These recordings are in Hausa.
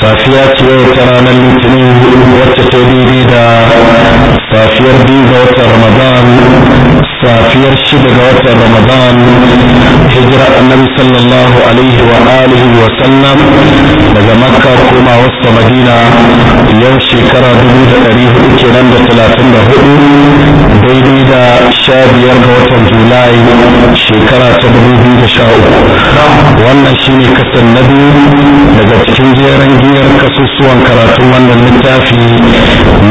safiya ce ta ranar litinin wacce ta daidai da safiyar biyu ga watan ramadan safiyar shida ga watan ramadan hijira annabi sallallahu alaihi wa alihi wa sallam daga makka koma wasu madina yan shekara dubu da ɗari hudu kenan da talatin da hudu daidai da sha biyar ga watan julai shekara ta dubu biyu da sha uku wannan shine kasan na biyu daga cikin jeren giyar kasusuwan karatun wannan littafi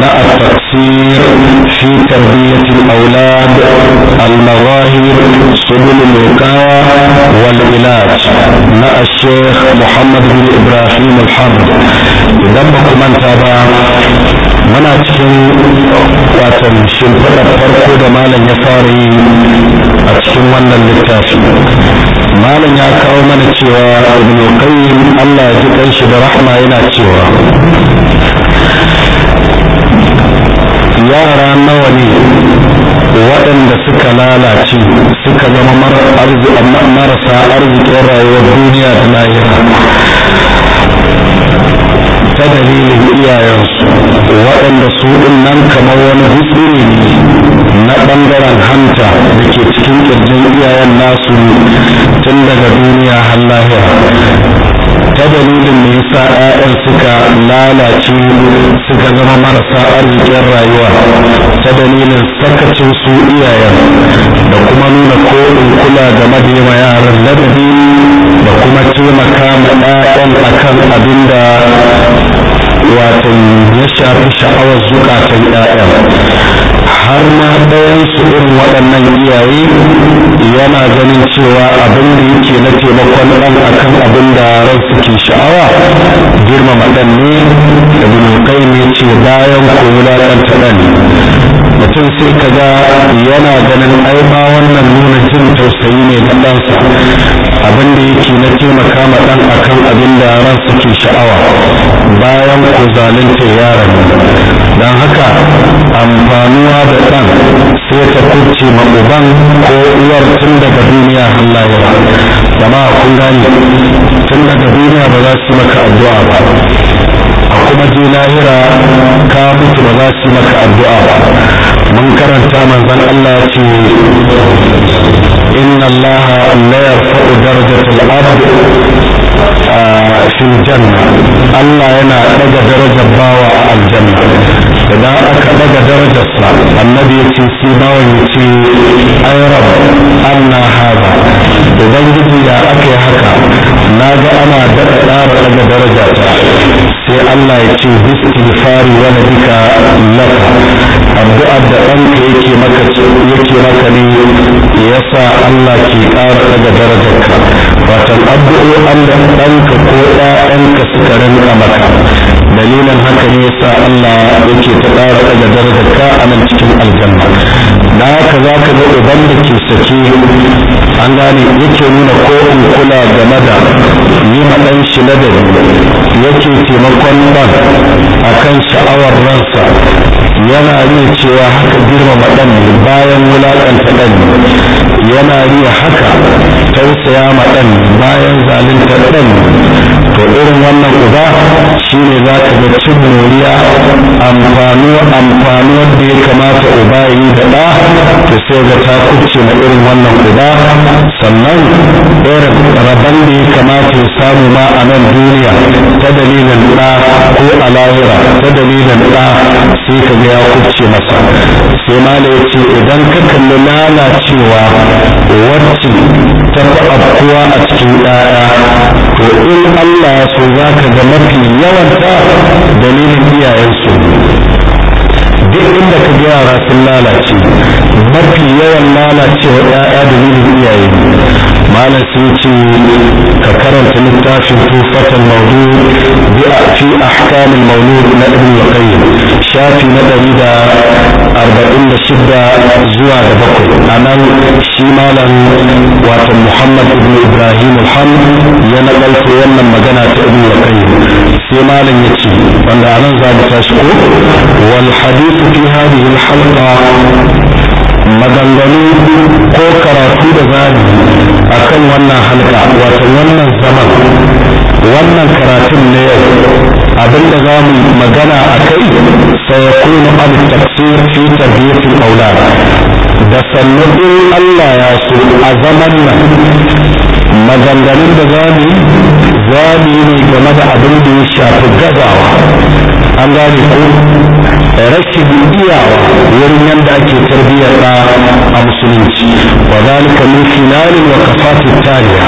na a التقصير في تربية الأولاد المظاهر سبل الوقاية والعلاج مع الشيخ محمد بن إبراهيم الحر دمك من تابع من أجل واتن شنفر فرقو دمال يساري أجل من اللتاس مالا يكاو من اتشوى ابن القيم الله يجب أيش برحمة إلى اتشوى yara nawa ne waɗanda suka lalace suka zama marasa arzikin rayuwar duniya da lahira ta dalilin iyayensu waɗanda su ɗin nan kamar wani hutsuri ne na ɓangaren hanta da ke cikin ƙirjin iyayen nasu tun daga duniya har lahira ta dalilin ya sa 'yayan suka lalace suka zama marasa arzikin rayuwa ta dalilin sakacin su iyayen da kuma nuna ko kula da yawa yaran ladabi da kuma taimaka ma a kan abin da wato ya shafi sha'awar zukatan ƴaƴan har ma ɗayan su irin waɗannan iyaye yana ganin cewa abin da yake na taimakon ɗan akan abin da ransu ke sha'awa girmama ɗan ne da ibn ne ce bayan ko wulaƙanta ɗan mutum sai ka ga yana ganin ai ba wannan nuna jin tausayi ne da ɗansa abin da yake na taimaka ma ɗan kan abin da ransa ke sha'awa bayan ku zalunta yaran don haka amfanuwa da ɗan sai ta kuce ma uban ko uwar tun daga duniya har lahira jama'a kun gane tun daga duniya ba za su maka addu'a ba kuma je lahira ka mutu ba za su maka addu'a mun karanta manzon Allah ce إن الله لا يرفع درجة العبد في الجنة الله ينا لقى درجة باوة الجنة إذا أكا لقى درجة صلاة النبي يتي سيبا ويتي أي رب أنا هذا إذا جدي يا أكي حكا ناقى أنا دار لقى درجة sai Allah ya ce istighfari wa nabika laka addu'ar da ɗanka yake maka yake maka ne yasa Allah ke ƙara daga darajarka watan an da ɗanka ko ɗayanka suka rinka maka dalilin haka ne yasa Allah yake ta ƙara daga darajarka a nan cikin aljanna na haka za ka ga uban da ke sake an gane yake nuna ko in kula game da yi ma ɗan shi ladabi yake taimakon ɗan akan sha'awar ransa yana riya cewa haka girmama ɗan ne bayan wulaƙanta ɗan ne yana riya haka tausaya ma ɗan bayan zalunta ɗan ne to irin wannan uba shine za ka ga cin moriya amfano amfano da ya kamata uba yi da ɗa to sai ga ta kuce na irin wannan uba sannan irin rabon da ya kamata ya samu ma a nan duniya ta dalilin ɗa ko a lahira ta dalilin ɗa sai ka ga ya kuce masa sai ma da ya ce idan ka kalli lalacewa wacce ta fi afkuwa a cikin ɗaya to in Allah ya so za ka ga mafi yawanta da ele envia eu sou. duk inda ka ga yara sun lalace mafi yawan lalacewa ya'ya da nuna iyaye malam sun ce ka karanta littafin tufatan maudu bi a fi ahkamin maulud na ibn qayyim shafi na ɗari da arba'in da shida zuwa da bakwai a nan shi malam wato muhammad ibn ibrahim alham ya naɗalko wannan magana ta ibn qayyim sai malam ya ce wanda a nan za mu tashi ko wal hadith نلخص في هذه الحلقة ko karatu da zani a kan wannan halka wato wannan zaman wannan karatun na yau abinda za mu magana a kai sai ya kuna an tafsir fi tarbiyyatul aulad da sannu in Allah ya so a zaman nan maganganun da za mu za mu yi ne game da abin da ya shafi gazawa an gane ko rashin iyawa wurin yadda ake tarbiyyar da a musulunci wa zalika min filalin wa kafatin taliya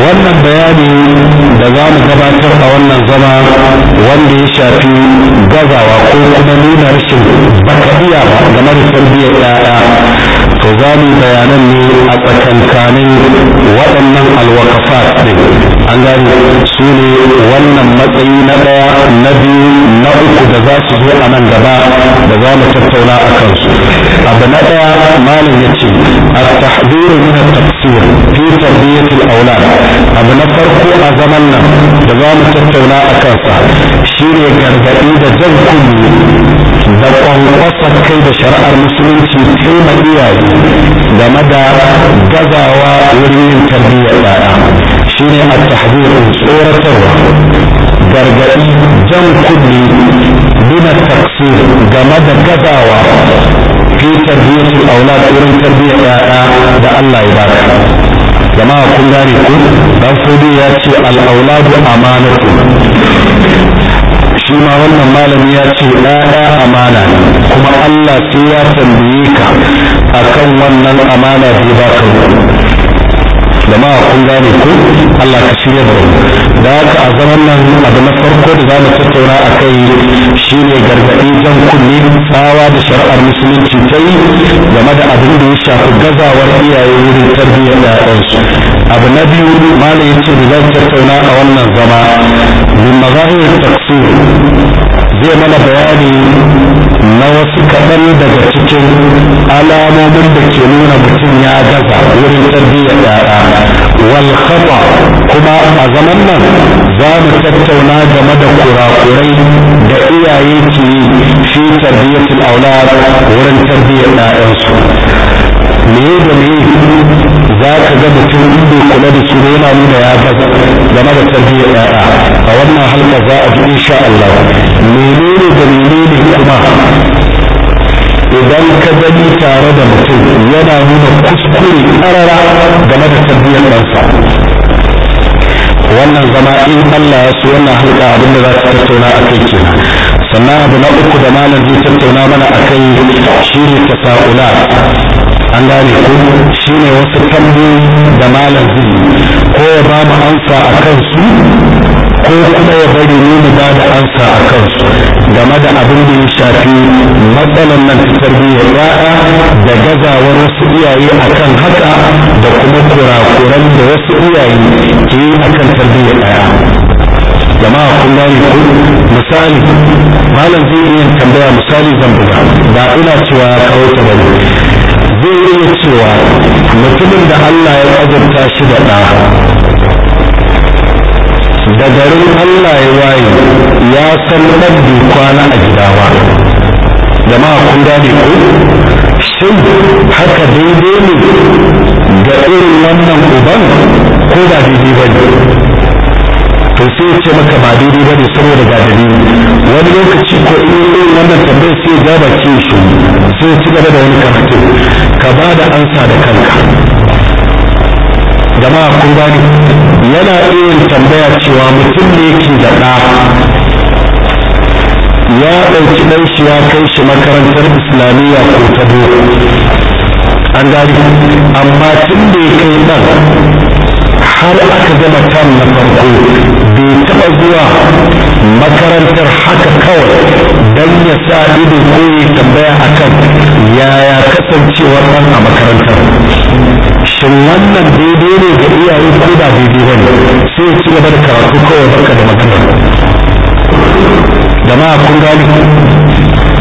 wannan bayani da za mu gabatar a wannan zama wanda ya shafi gazawa ko kuma nuna rashin baka game da tarbiyyar ɗaya to za mu bayanan ne a tsakankanin waɗannan alwakafat ɗin an gane su ne wannan matsayi na ɗaya na biyu na uku da za su zo a nan gaba da za mu tattauna a kansu abu na ɗaya malam ya ce التحذير من التقصير في تربية الأولاد أبو نفرق أزمنا دوام تتولى أكاسا شيري غرغئي دزم كمي دقوه وصف كيد شرع المسلمين في تيمة إياه دمدى جزا وورين تربية الآية شيري التحذير سورة gargaɗi jan kuɗi التقصير taksir game da gazawa fi tarbiyatul aulad wurin tarbiyyar yaya da Allah ya baka jama'a kun gane ku dan ya ce al auladu amanatu shi ma wannan malami ya ce ɗaya amana kuma Allah sai ya tambaye ka akan wannan amana da ya baka jama'a kun gane ko Allah ka shirya da da haka a zaman nan abu na farko da za mu tattauna a kai shine gargaɗi jan kunne tsawa da shari'ar musulunci ta yi game da abin da ya shafi gazawar iyaye wurin tarbiyyar ƴaƴansu abu na biyu malam ya ce da za mu tattauna a wannan zama min mazahir taksir zai mana bayani na wasu kaɗan daga cikin alamomin da ke nuna mutum ya gaza wurin tarbiyyar yara wal khata kuma a zaman nan za mu tattauna game da kurakurai da iyaye ke fi tarbiyyatul aulad wurin tarbiyyar 'ya'yansu me da me za ka ga mutum in bai kula da su yana nuna ya ga game da tarbiyyar yaya a wannan halka za a ji insha Allah menene da menene kuma idan ka gani tare da mutum yana nuna kuskure karara game da tarbiyyar ɗansa wannan zama in Allah ya so wannan halka abinda za ta tattauna a kai kenan sannan abu na uku da malam zai tattauna mana a kai shi ne tasa'ula an gane ko shi ne wasu tambayoyi da malam zai ko ya ba mu ansa a kansu ko kuma ya bari ne mu ba da ansa a kansu game da abin da ya shafi matsalan nan ta tarbiyyar ya'a da gazawar wasu iyaye kan haka da kuma kurakuran da wasu iyaye ke yi kan tarbiyyar ɗaya jama'a kun gane misali malam zai iya tambaya misali zan buga ba ina cewa ya kawo ta bane zai iya cewa mutumin da Allah ya azurta shi da ɗa da garin Allah ya waye ya san ɗabbi kwana a gida ba jama'a kun gane ko shin haka daidai ne ga irin wannan uban ko ba daidai ba ne to sai ya ce maka ba daidai ne saboda ga dalili wani lokaci ko in yi wannan tambayar sai ya gaba ke shi sai ci gaba da wani karatu ka ba da ansa da kanka jama'a kun gani yana iya tambaya cewa mutum ne yake da ɗa ya ɗauki ɗan shi ya kai shi makarantar islamiyya ko ta an gani amma tun da ya kai ɗan har aka gama tam na farko bai taɓa zuwa makarantar haka kawai don ya sa ido ko ya tambaya akan yaya kasancewar ɗan a makarantar shin wannan daidai ne ga iyaye ko ba daidai ba ne sai ya ci gaba da karatu kawai baka da magana jama'a kun gani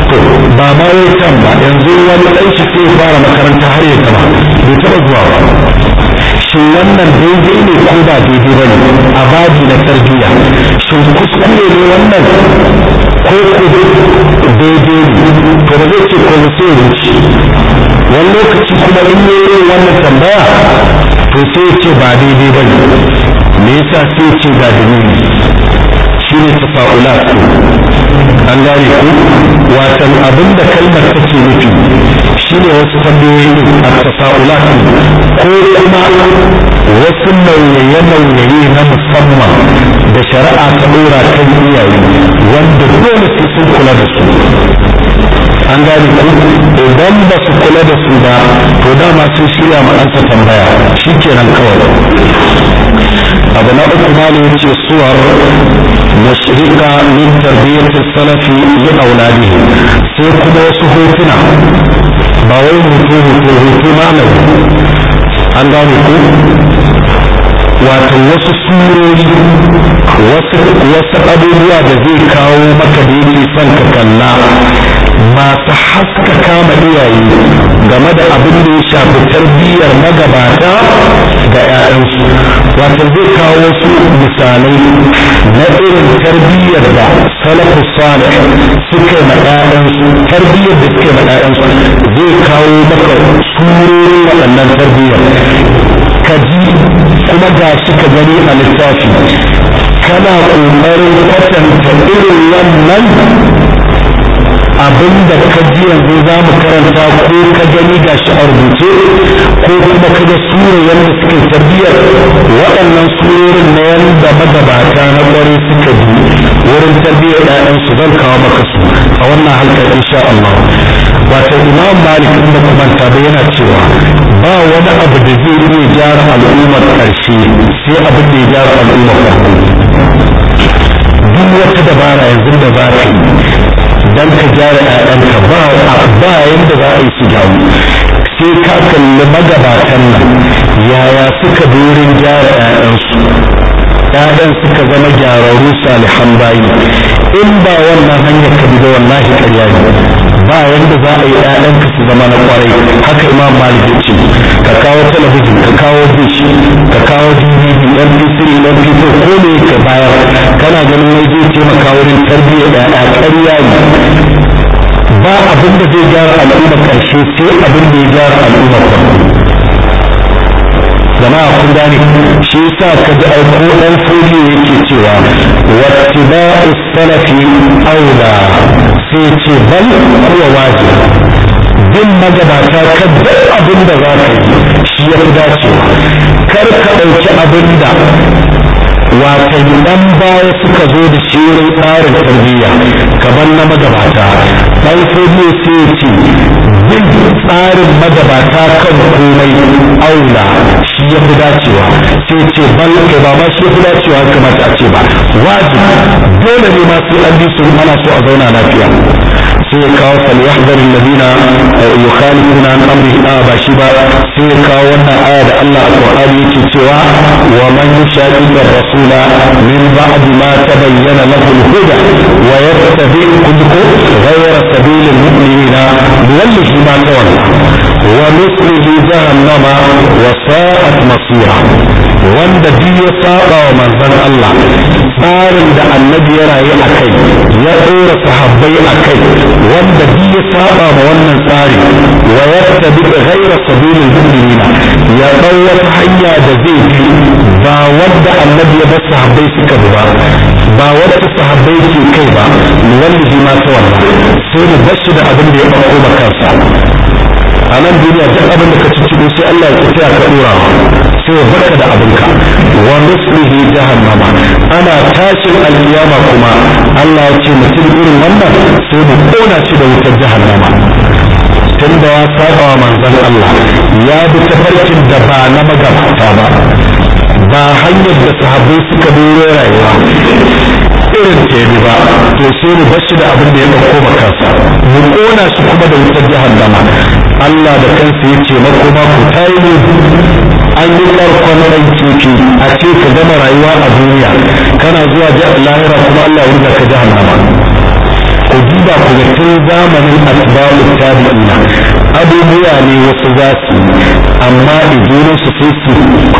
to ba ma can ba yanzu wani ɗan shi sai fara makaranta har ya gama bai taɓa zuwa ba shin wannan daidai ne ko ba daidai ba ne a baji na tarbiyya shin kuskure ne wannan ko ko daidai ne to ba zai ce ko ba sai wuce wani lokaci kuma in yi wannan tambaya to sai ya ce ba daidai ba ne me yasa sai ya ce ga dalili shine tafa'ulat an gane ku watan abinda kalmar take nufi shine wasu tambayoyin a tafa'ulat ko kuma wasu nauye-nauye na musamman da shari'a ta dora kan iyaye wanda dole su sun kula da su an gane ku idan ba su kula da su ba to dama sun shirya ma tambaya shi kenan kawai أبناء القبال في الصور نشهد من تربية السلف لأولاده سيكون صفوفنا باوين هكو هكو هكو معنو عند هكو واتوس السوري وسط أبو بواد ذي كاو مكبيني فانك كالنار masu haskaka ma iyaye game da abin da ya shafi tarbiyyar magabata ga 'ya'yansu wata zai kawo wasu misalai na irin tarbiyyar da salafu salih suke ma tarbiyyar da suke ma zai kawo maka surorin waɗannan tarbiyyar ka ji kuma ga shi ka gani a littafi kana ƙoƙarin kwatanta irin wannan abin da ka ji yanzu za mu karanta ko ka gani ga shi a rubuce ko kuma ka ga sura yadda suke tarbiyyar waɗannan surorin na yadda magabata na ƙwarai suka bi wurin tarbiyyar ɗayansu zan kawo maka su a wannan halkar insha Allah wato imam malik in ba manta ba yana cewa ba wani abu da zai iya gyara al'ummar ƙarshe sai abin da ya gyara al'ummar farko duk wata dabara yanzu da za ka yi dan ka gyara ƴaƴanka ba ba yanda za a yi su dawo sai ka kalli magabatan nan yaya suka bi wurin gyara ƴaƴansu ƴaƴan suka zama gyararru salihan bayi in ba wannan hanyar ka bi wallahi karya ne ba yanda za a yi ka su zama na kwarai haka imam malik ya ce ka kawo talabijin ka kawo dish ka kawo dvd mp3 mp4 ko ne ka bayar kana ganin wai zai taimaka wurin tarbiyyar da ƙarya ne ba abin da zai gyara al'umma ƙarshe sai abin da ya gyara al'umma farko jama'a kun gane shi yasa ka ji aiko dan fuli yake cewa wattiba'u salafi aula sai ce bal huwa wajib bin magabata ka duk abin da za ka yi shi ya fi dacewa kar ka ɗauki abin da watanni dan baya suka zo da shirin tsarin tarbiyya kamar na magabata dan sai ce yin tsarin magabata kan komai aula shi ya fi dacewa sai ce bal ba ma shi ya fi dacewa kamar a ce ba wajibi dole ne ma sai an bi su ana so a zauna lafiya sai kawo falyahdar alladhina yukhalifuna an amri a ba shi ba sai kawo wannan aya da Allah a Qur'ani yake cewa wa man yushaqiqir rasula min ba'd ma tabayyana lahu al-huda wa yattabi kullu ghayra sabil al-mu'minina nuwallihi ma tawalla ومثله جهنم وساءت مصيرا wanda duk ya saba wa manzon Allah tsarin da annabi ya rayu a kai ya ɗora sahabbai a kai wanda duk ya saba ma wannan tsari wa yattabi ghayra sabilil mu'minina ya ɗau wata hanya da zai bi ba wanda annabi ya bar sahabbai suka bi ba ba wanda sahabbai ke kai ba wallahi ma ta wannan sai mu bashi da abin da ya ɗauko kansa a nan duniya duk abin da ka cicciko sai Allah ya tafiya ka dora sai ya barka da abinka wa mislihi jahannama ana tashin alkiyama kuma Allah ya ce mutum irin wannan sai mu kona shi da wutar jahannama tun da ya saba wa manzon Allah ya bi tafarkin da ba na magabata ba ba hanyar da sahabbai suka dore rayuwa irin ta yi ba to sai mu bashi da abin da ya ɗauko ba kasa mu ƙona shi kuma da wutar jihar jahannama Allah da kansa ya ce makoma ku tayi an yi ɗarkon ɗan kifi a ce ka gama rayuwa a duniya kana zuwa lahira kuma Allah ya wurga ka jahannama duba ku zamanin tun zamanin asbabu abubuwa ne wasu za su amma idunan su sai su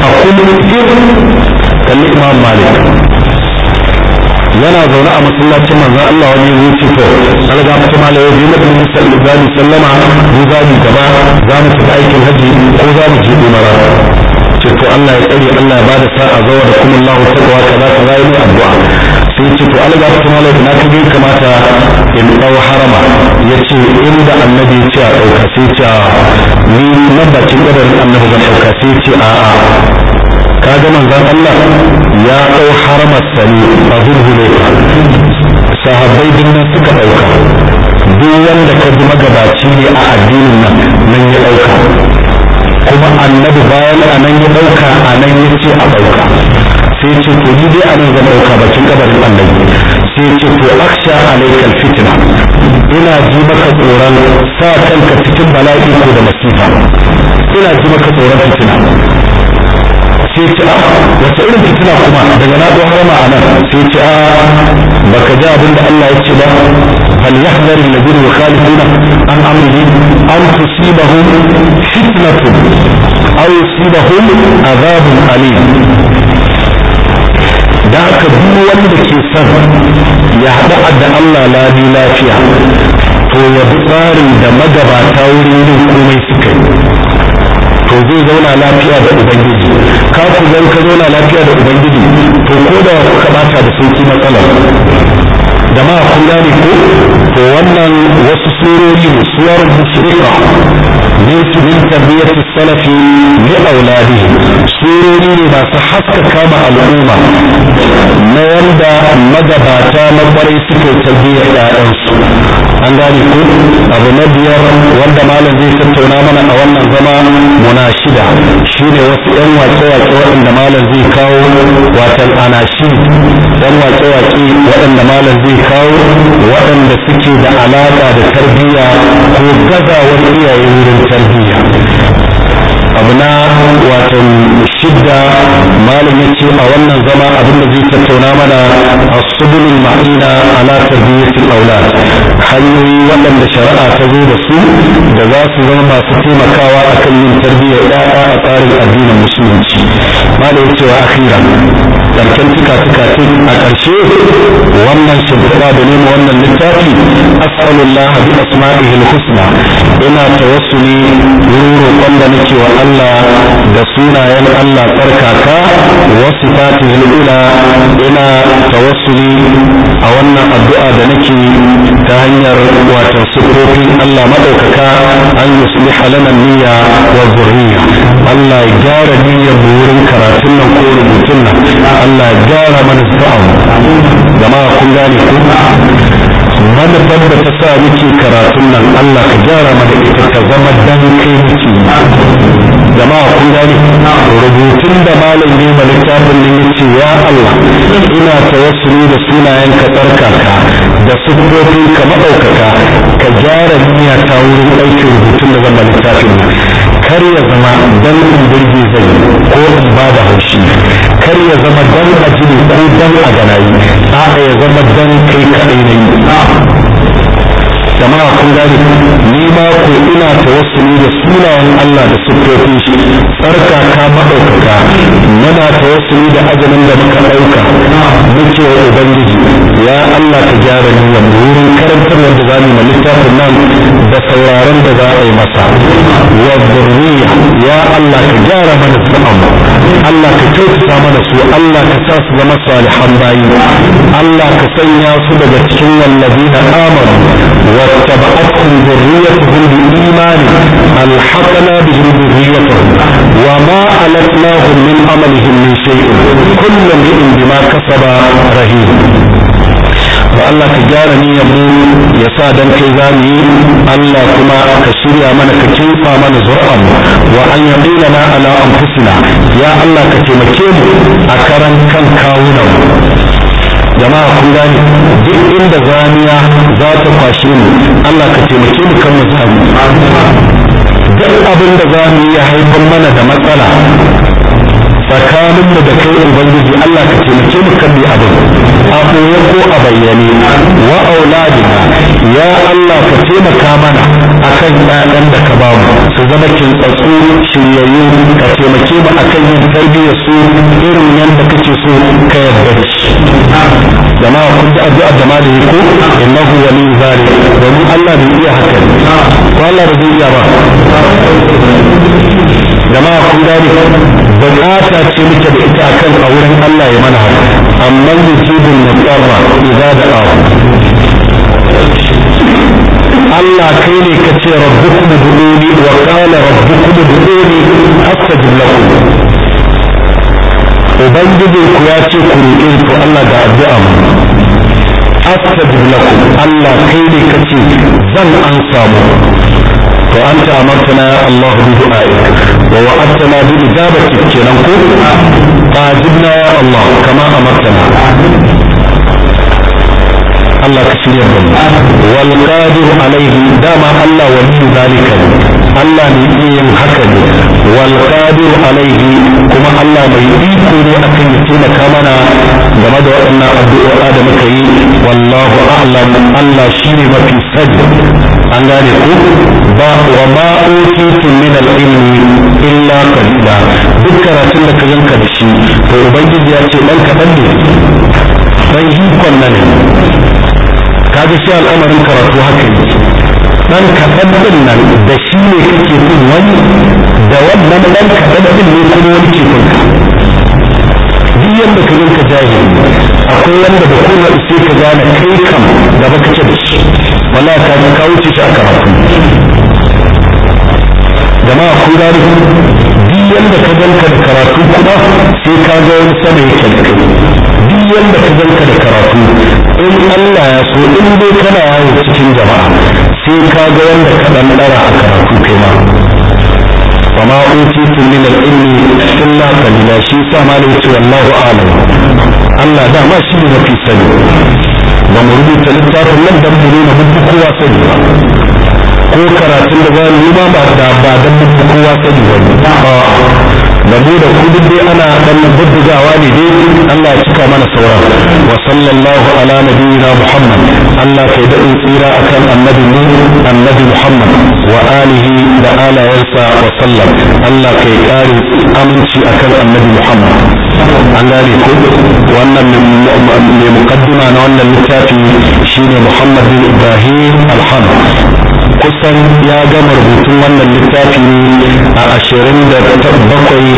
a kullum irin kalli imam malik yana zaune a masallacin manzan Allah wani ya wuce to an ga malai ya biyu mutum sallallahu alaihi wasallama mu za mu gaba za mu tafi aikin hajji ko za mu je umara ce to Allah ya tsare Allah ya bada sa'a zawa da kuma Allah taqwa kaza kaza yi addu'a sai ce to Allah ya tsare malaka na kaje kamata in dau harama yace inda annabi ya ce a dauka sai ce ni mabacin kadarin annabi zan dauka sai ce a a kaga manzon Allah ya dau harama sani a zulhule sahabbai dinnan suka dauka duk wanda ka ji magabaci ne a addinin nan nan ya dauka kuma annabi bayan a nan ya ɗauka a nan ya ce a ɗauka sai ce to yi dai a nan zan ɗauka bakin kabarin annabi sai ce to aksha alaikal fitina ina ji maka tsoron sa kanka cikin bala'i ko da masifa ina ji maka tsoron fitina sai ci a wata irin fitina kuma daga na ɗau harama a nan sai ci a baka ji abin da Allah ya ce ba hal yahdharu alladhina yukhalifuna an amrihi an tusibahum fitnatun aw yusibahum adhabun alim da haka duk wanda ke son ya haɗu da Allah lami lafiya to ya bi tsarin da magabata wurin yin komai suka yi to zai zauna lafiya da ubangiji ka ku zan ka zauna lafiya da ubangiji to ko da ka bata da sauki matsala. da ma kun gane ko to wannan wasu surori suwar mushrika min min tarbiyat as-salaf li auladihi surori ne masu haskaka ma al'umma na wanda magabata na kwarai suke tarbiyyar ƴaƴansu an gane ko abu na biyar wanda malam zai tattauna mana a wannan zama muna shida shine wasu ƴan waƙe-waƙe waɗanda malam zai kawo watan anashi ƴan waƙe-waƙe waɗanda malam zai kawo waɗanda suke da alaƙa da tarbiyya ko gazawar iyaye wurin tarbiyya abu na watan shidda malam ya ce a wannan zama abin da zai tattauna mana a subulin ma'ina ala tarbiyyatul aulad hanyoyi waɗanda shari'a ta zo da su da za su zama masu taimakawa akan yin tarbiyyar ɗaya a tsarin addinin musulunci malam ya ce wa akhira karshen tuka tuka a ƙarshe wannan shimfiɗa da nema wannan littafi as'alullah bi asma'ihi husna ina tawassuli wurin roƙon da nake wa Allah da sunayen Allah tsarkaka wa sifatihi ula ina tawassuli a wannan addu'a da nake ta hanyar wato sifofin Allah madaukaka an yusliha lana niyya wa zurriya Allah ya gyara niyyar wurin karatun nan ko rubutun nan Allah ya gyara mana sa'awu jama'a kun gane ko manufar da ta sa muke karatun nan Allah ka gyara mana ita ka zama dan kai muke jama'a kun gane rubutun da malam ne ma littafin nan yace ya Allah ina tawassuli da sunayen ka tsarkaka da sufofin ka madaukaka ka gyara niyya ta wurin aikin rubutun da zama littafin nan kar ya zama dan in birge zai ko in ba da haushi kar ya zama dan a jini ko dan a ganayi a ya zama dan kai kadai na yi jama'a kun gane ni ma ko ina tawassuli da sunayen Allah da siffofin shi tsarkaka maɗaukaka muna tawassuli da ajalin da muka ɗauka muke wa ubangiji ya Allah ka gyara ni wa wurin karantar wanda za mu littafin nan da sauraron da za a masa wa zurriya ya Allah ka gyara mana su'an Allah ka kyautata mana su Allah ka sa su zama salihan bayi Allah ka sanya su daga cikin wallazina amanu wa واتبعتهم ذريتهم بإيمان ألحقنا بهم ذريتهم وما ألتناهم من عملهم من شيء كل امرئ بما كسب رهين Allah ka gyara niyyar mu ya sa dan kai za mu yi Allah kuma ka shirya mana ka kinsa mana zur'an wa an yaqina na ala anfusina ya Allah ka taimake mu a karan kan kawunan jama'a kun gane duk inda zaniya za ta kwashe mu Allah ka taimake mu kan mu duk abin da za mu haifar mana da matsala tsakanin mu da kai ubangiji Allah ka taimake mu kan abin a koyar ko a bayyane wa auladina ya Allah ka taimaka mana akan ɗaɗan da ka bamu su zama kintsatsu shiryayyu ka taimake mu akan yin tarbiyyar su irin yadda kake so ka yarda da shi jama'a kun ji addu'a da malami ko innahu wali zalik domin Allah bai iya haka ko Allah ba zai iya ba jama'a kun gane bukata ni'ima ce muke da ita akan a wurin Allah ya mana haka amma yujibul mutarra idza da'ahu Allah kai ne ka ce rabbukum du'uni wa qala rabbukum du'uni astajib lakum ubangijin ku ya ce ku roƙe to Allah da addu'a mu astajib lakum Allah kai ne ka ce zan an samu وأنت أمرتنا الله بدعائك ووعدتنا بإجابتك كنقول فأجبنا يا dama Allah wani zalika ne Allah ne haka ne wal qadir kuma Allah mai iko ne akan ya ce mana game da waɗannan addu'o'i da muka yi wallahu a'lam Allah shi mafi sani an gane ku ba wa ma utitum min al illa qalila duk karatun da ka yanka da shi to ubangiji ya ce dan kadan ne dan hikon nan ne kaga shi al'amarin karatu haka ne dan kadan din nan da shi ne kake kun wani da wannan dan kadan din ne kuma wani ke kun duk yanda ka yanka jahili akwai wanda da kuma sai ka gane kai kam da baka ce da shi wala ka ka wuce shi a karatu jama'a ku gani duk yanda ka ganka da karatu kuma sai ka ga wani sama ya da duk yanda ka ganka da karatu in Allah ya so in dai kana yawo cikin jama'a sai ka ga wanda ka dan dara a karatu kai ma وما أوتيتم من العلم إلا قليلا شيء سامع له والله أعلم الله دا ما شيء في سبيل ba mu rubuta littafin nan don mu nuna muku kowa sani ba ko karatun da za mu yi ba da ba don muku kowa sani ba ne da mu da ku duk dai ana dan bubbugawa ne dai Allah ya cika mana sauran wa sallallahu ala nabiyyina muhammad Allah kai da tsira akan annabi mu annabi muhammad wa alihi da alayansa wa sallam Allah kai karin aminci akan annabi muhammad an gane ko wannan mai mukaddima na wannan littafi shine Muhammad bin Ibrahim Alham kusan ya gama rubutun wannan littafi ne a ashirin da bakwai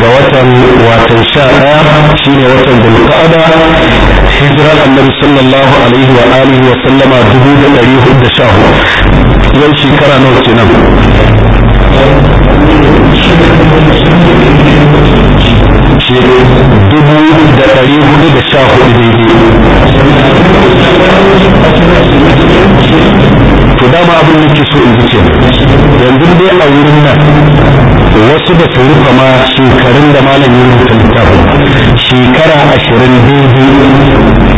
ga watan watan sha ɗaya shine watan dulka'ada hijirar annabi sallallahu alaihi wa alihi wa sallama dubu da dari hudu da sha hudu yau shekara nawa kenan ɗari hudu da sha hudu daidai to dama abin da ke so in ji yanzu dai a wurin nan wasu da su rufe ma shekarun da malamin rubuta littafin shekara ashirin daidai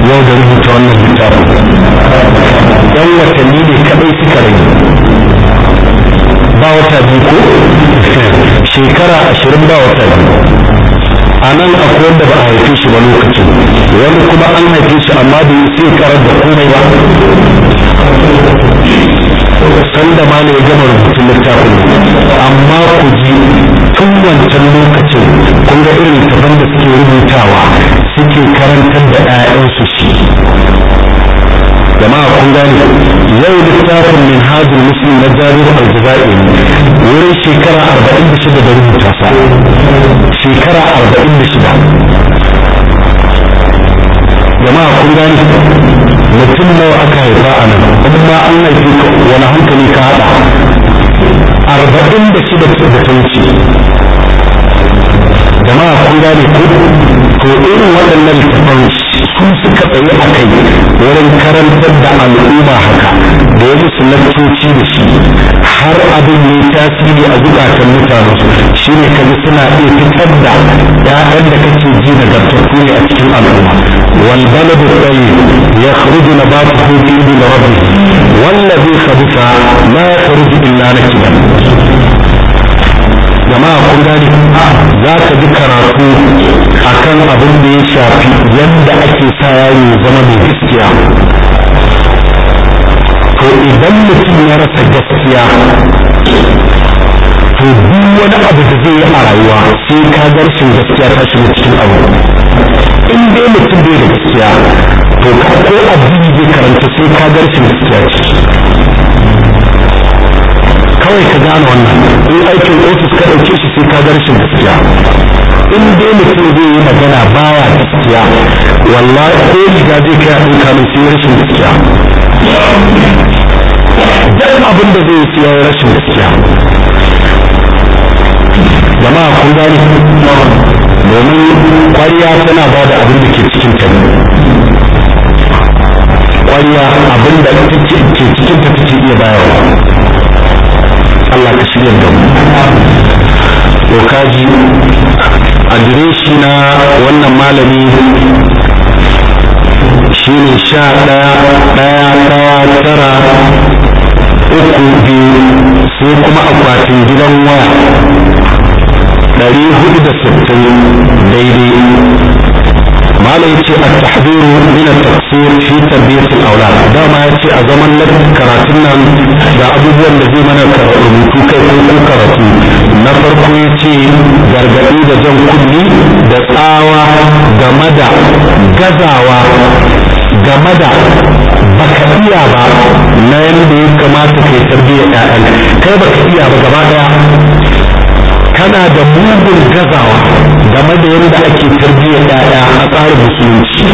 yau da rubuta wannan littafin yan watanni ne kaɗai suka rage ba wata biyu ko shekara ashirin ba wata biyu a nan akwai wanda ba a haife shi ba lokacin wani kuma an haife shi amma da yi sai karar da komai ba sanda ma ne ya gama rubutun littafin amma ku ji tun wancan lokacin kun ga irin taban da suke rubutawa suke karantar da 'ya'yansu shi jama'a kun gane yau littafin min hajjin muslim na jarir aljazairi wurin shekara arba'in da shida da rubuta sa shekara arba'in da shida jama'a kun gane mutum nawa aka haifa a nan kuma an haifi wani hankali ka haɗa arba'in da shida da ta wuce jama'a kun gane ko to irin waɗannan littafan sun suka tsaye a kai wurin karantar da al'umma haka da ya musu lantoci da shi har abin ne tasiri a zukatan mutane shi ne kaji suna iya fitar da ya'yan da kake ji nagartattu ne a cikin al'umma wal baladu tayyib yakhruju nabatuhu bi idni rabbih wallazi khabitha la yakhruju illa nakidan jama'a kun gane za ka ji karatu akan abin da ya shafi yadda ake sa yaro zama mai gaskiya to idan mutum ya rasa gaskiya to duk wani abu da zai yi a rayuwa sai ka garshin gaskiya ta shiga cikin abu in dai mutum bai da gaskiya to ko addini zai karanta sai ka garshin gaskiya ce kawai ka gane wannan in aikin ofis ka ɗauke shi sai ka ga rashin gaskiya in dai mutum zai yi magana baya gaskiya wallahi ko riga zai kai a ɗauka mai sai rashin gaskiya duk abin da zai yi siya rashin gaskiya jama'a kun gane domin kwariya tana ba da abin da ke cikin ta kwariya abin da ke cikin ta take iya bayarwa Allah ka shirya da mu to kaji adireshi na wannan malami shi ne sha ɗaya ɗaya ɗaya tara uku biyu sai kuma akwatin gidan waya ɗari hudu da sittin daidai malam yace at-tahdhiru min at-taqsir fi tarbiyat al-awlad dama yace a zaman karatun nan da abubuwan da zai mana rubutu kai ko karatu na farko yace gargadi da jan kunne da tsawa game da gazawa game da baka iya ba na yadda ya kamata kai tarbiyyar 'ya'yan kai baka iya ba gaba daya Kana da mugun gazawa game da yadda ake tarbiyyar yaya a tsarin musulunci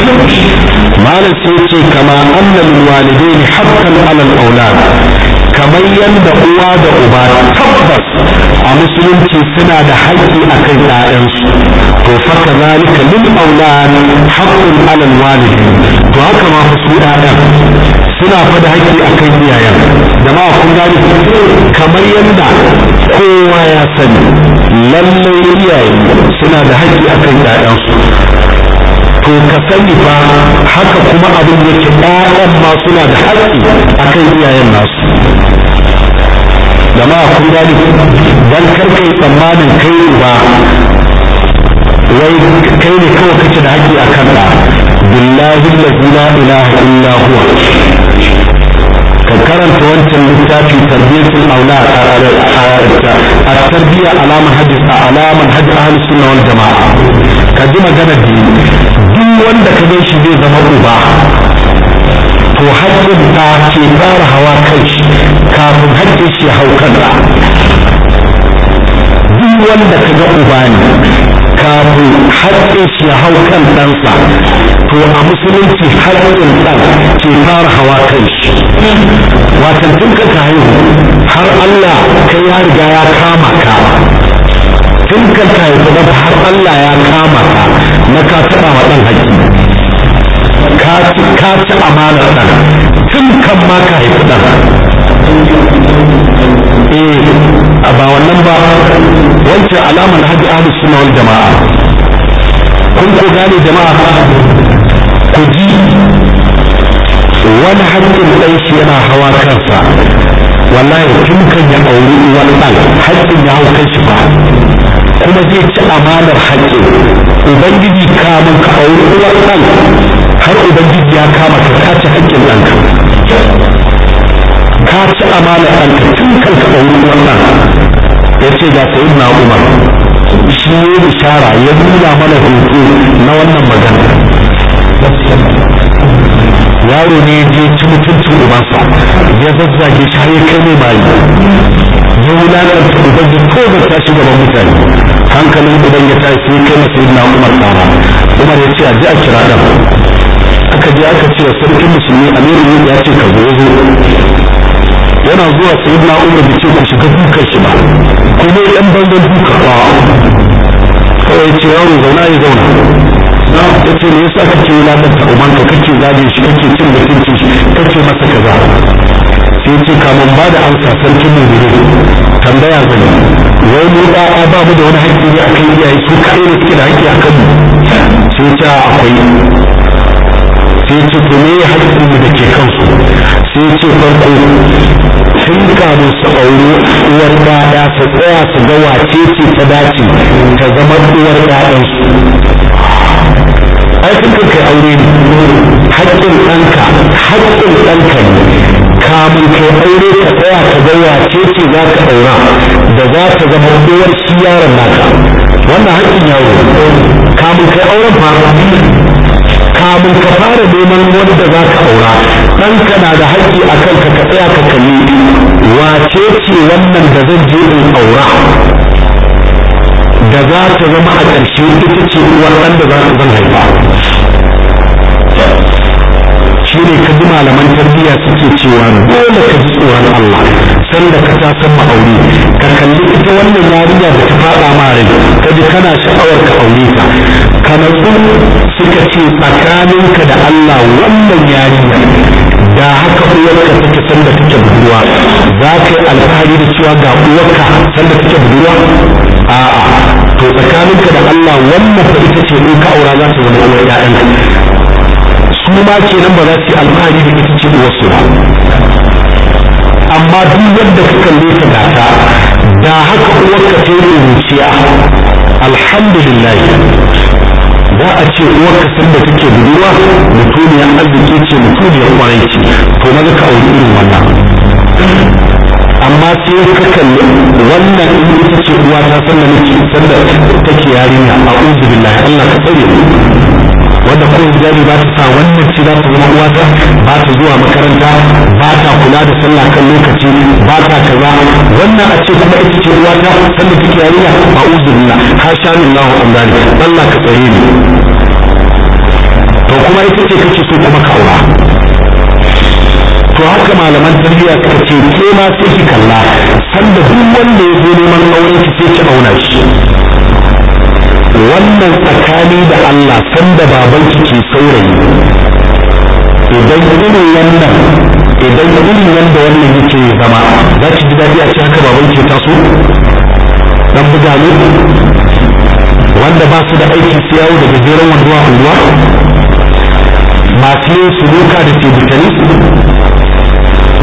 malam sai ce kama annal walidain haqqan alal aulad kamar yadda uwa da uba tabbas a musulunci suna da haƙƙi akan 'ya'yansu to fa kadhalika lil awlad haqqun ala al walid to haka ma fa su ɗaɗan suna fada haƙƙi akan iyayen jama'a kun gani kamar yadda kowa ya sani lallai iyaye suna da haƙƙi akan ƴaƴansu to ka sani fa haka kuma abin yake ƴaƴan ma suna da haƙƙi akan iyayen nasu jama'a kun gani dan karkai tsammanin kai ba wai kai ne kawai kace da haƙƙi a kanka billahi allazi la ilaha illa huwa ka karanta wancan littafi tarbiyatul aula a a tarbiya alaman hajji a alaman hadis ahli sunna wal jama'a ka ji magana da duk wanda ka gan shi zai zama uba to haƙƙin ta ke fara hawa kai shi kafin haƙƙin shi ya hau kansa duk wanda ka ga uba ne kafin haƙƙin shi ya hau kan ɗansa to a musulunci haƙƙin ɗan ke fara hawa kan shi watan tun ka haihu har Allah ka ya riga ya kama ka tun ka haihu da har Allah ya kama ka na ka taɓa wa ɗan haƙƙi ka ci amanar ɗan tun kan ma ka haifi ɗan eh, a ba wannan ba wancan alamar hajji ahlus sunna wal jama'a kun ko gane jama'a ku ji wani haƙƙin ɗan shi yana hawa kansa wallahi tun kan ya auri uwar ɗan haƙƙin ya hau kan shi ba kuma zai ci amanar haƙƙin ubangiji kamun ka auri uwar ɗan har ubangiji ya kama ka kace haƙƙin ka. amana ɗanka tun kan ka wannan ya ce ga sayi na umar shi ne bishara ya nuna mana hoto na wannan magana yaro ne je ci mutuncin ubansa ya zazzage shi har ya kai mai bayi ya wulaƙanta uban ya tozarta shi gaban mutane hankalin uban ya tashi sai kai masa na umar tsara umar ya ce a ji a kira aka je aka ce wa sarkin musulmi amirin ya ce ka zo yana zuwa sayyidina umar da ce ku shiga dukkan shi ba kuma yan banzan duka ba kawai ce yaro zauna ya zauna ya ce me yasa kake wulaƙanta ubanka kake zage shi kake cin mutunci shi kake masa kaza sai ce kamun ba da amsa sarkin mulmuli tambaya zane wai mu da'a ba mu da wani haƙƙi ne akan iyaye su kaɗai ne suke da haƙƙi akan mu sai ce akwai sai ce to me ya da ke kansu sai ce farko sun kamu su auri uwar ɗaya ta tsaya su ga wace ce ta dace ta zama uwar ɗayansu ai sun kai aure ne haƙƙin ɗanka haƙƙin ɗanka ne kamun kai aure ka tsaya ka ga wace ce za ka ɗaura da za ta zama uwar shi yaron naka wannan haƙƙin yaro kamun kai auren fara kamun ka fara neman wanda za ka aura ɗanka na da haƙƙi a kan ka tsaya ka kalli wace ce wannan da zan je in aura da za ta zama a ƙarshe ita ce uwar da za ta zan haifa shine ne ka ji malaman tarbiyya suke cewa dole ka ji tsoron Allah sanda ka ta ma aure ka kalli ita wannan yarinya da ta faɗa ma rai ka ji kana sha'awar ka aure ta ka natsu suka ce tsakaninka da Allah wannan yarinya da haka uwarka take sanda take budurwa za ka yi alfahari da cewa ga uwarka da take budurwa a'a to tsakaninka da Allah wannan ita ce in ka aura za ta zama uwar 'ya'yanka mu ma kenan ba za su yi alfahari da ita ce da ba amma duk wanda ka kalle ta gata da haka uwarka ta yi ruciya alhamdulillah za a ce uwarka sanda take budurwa mutumiyar arziki ce mutumiyar kwarai ce to na ka auri irin wannan amma sai ka kalli wannan in ita ce uwa ta sanda nake sanda take yarinya a uzu billahi Allah ka tsare wanda ko jari ba ta sa wannan ce za ta zama uwata ba ta zuwa makaranta ba ta kula da sallah kan lokaci ba ta kaza wannan a ce kuma ita ce uwata sanda take yarinya ba uzurna ha shanillahu an zalik Allah ka tsare ni to kuma ita ce kake so kuma ka aura to haka malaman tarbiyya suka ce ke ma sai ki kalla sanda duk wanda ya zo neman aure ki sai ki auna shi wannan tsakani da Allah sanda babanki ke saurayi idan irin wannan idan irin yanda wannan yake zama za ki ji daɗi a ce haka baban ke taso dan buga ne wanda ba su da aikin siyawo da gajeren wanduwa unguwa masu yin suluka da tebutani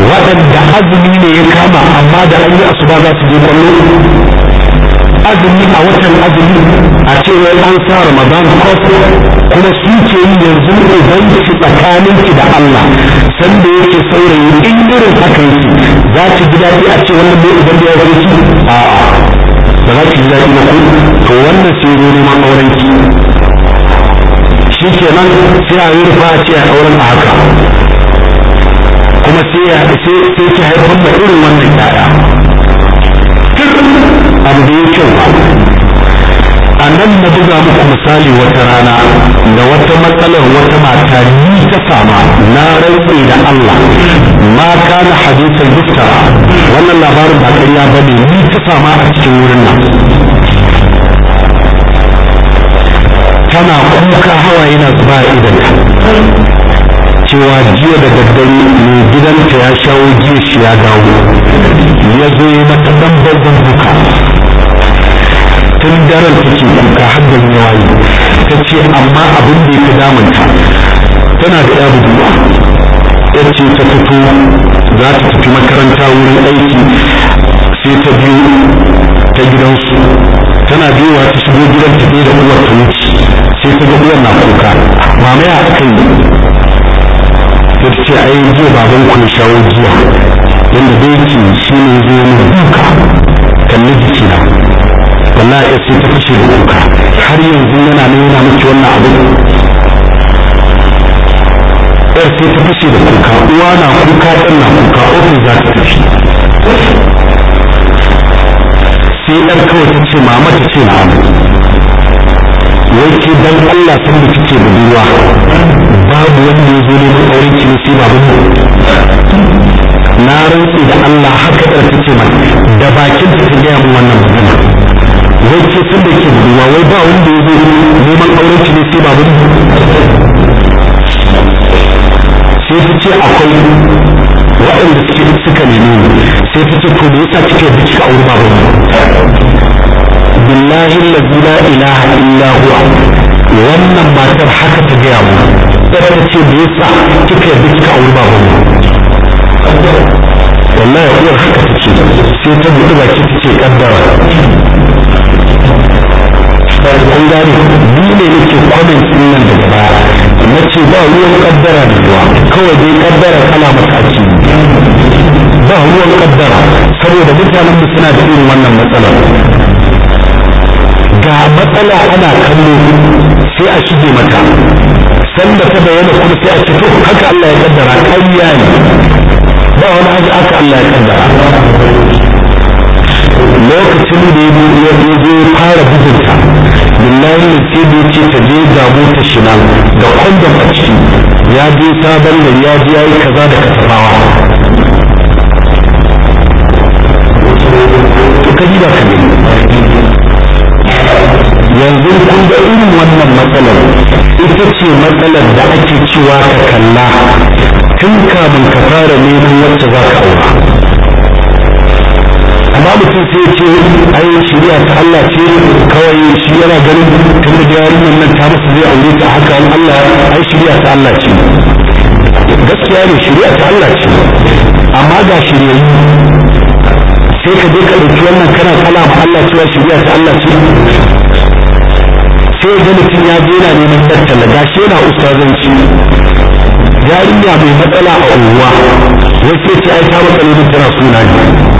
waɗanda azumi ne ya kama amma da an yi asuba za su je kwallo azumi a watan azumi a cewa an sa ramadan kwas kuma su ce yi yanzu ubanci tsakaninki da allah sanda yake saurayi in irin haka yake za ki ji daɗi a ce wannan bai da ya zai ki a'a ba za ki ji daɗi na kuɗi to wannan sai zo neman aurenki shi nan sai a yi rufa a ce a auren a haka kuma sai ki haifar da irin wannan yaya abu da ya kyau a nan na buga muku misali wata rana da wata matsalar wata mata ni ta sama na rantse da Allah ma da hadisan dukka wannan labarin ba ƙarya ba ne ni ta sama a cikin wurin nan tana kuka hawa yana zuba a cewa jiya da daddare mai gidanta ya shawo jiya shi ya dawo ya zo mata ɗan bangon buka tun daren take kuka har da yawayi ta ce amma abin da ya fi damunta tana da ya budurwa ya ce ta fito za ta tafi makaranta wurin aiki sai ta biyo ta gidansu tana biyowa ta shigo gidan ta da uwar ta wuce sai ta ga uwar na kuka mama ya aka yi ta ce a ai jiya baban ku shawo jiya yadda dai ke shi ne zo mu duka kalli jikina wallahi ya ta fashe da kuka har yanzu yana nan yana miki wannan abu yar sai ta fashe da kuka uwa na kuka ɗan na kuka ofin za ta tafi sai yar kawai ta ce mama ta ce na'am wai ke dan Allah san da kike budurwa babu wanda ya zo neman aure ki ne sai baban mu na rantsi da Allah haka ɗar ta ce mai da bakin ta ta gaya min wannan magana zai ce tun da yake budurwa wai ba wanda ya zo neman auren ne sai ba mun sai ta ce akwai waɗanda suke suka nemi sai ta ce to me yasa kike bi kika aure ba mun billahi allazi la ilaha illa huwa wannan matar haka ta gaya mu sai ta ce me yasa kika bi kika aure ba mun wallahi uwar haka ta ce sai ta buɗe ba ta ce kaddara sai kun gane ni ne nake comment din nan daga baya na ce ba ruwan kaddara da ruwa kawai dai kaddara kana mataki ba ruwan kaddara saboda mutanen mu suna da irin wannan matsalar ga matsala ana kallo sai a shige mata sanda ta bayyana kuma sai a ce to haka Allah ya kaddara ƙarya ne ba wani haka Allah ya kaddara lokacin da ya je fara bugunta billahi sai da ce ta je gabo ta shina da kwandon a ciki ya je sabon da ya ji ya yi kaza da kasafawa to ka ba ka yanzu kun ga irin wannan matsalar ita ce matsalar da ake cewa ka kalla tun kamin ka fara neman wacce za ka aura amma mutum sai ce ai shirya ta Allah ce kawai shi yana ganin tun da yarinyar nan ta musu zai aure ta haka an Allah ai shirya ta Allah ce gaskiya ne shirya ta Allah ce amma ga shari'ai sai ka je ka ɗauki wannan kana kala ma Allah cewa shirya ta Allah ce sai ga mutum ya je yana neman tattala shi yana ustazanci yarinya mai matsala a unguwa wasu ya ce ai ta matsalolin tana suna ne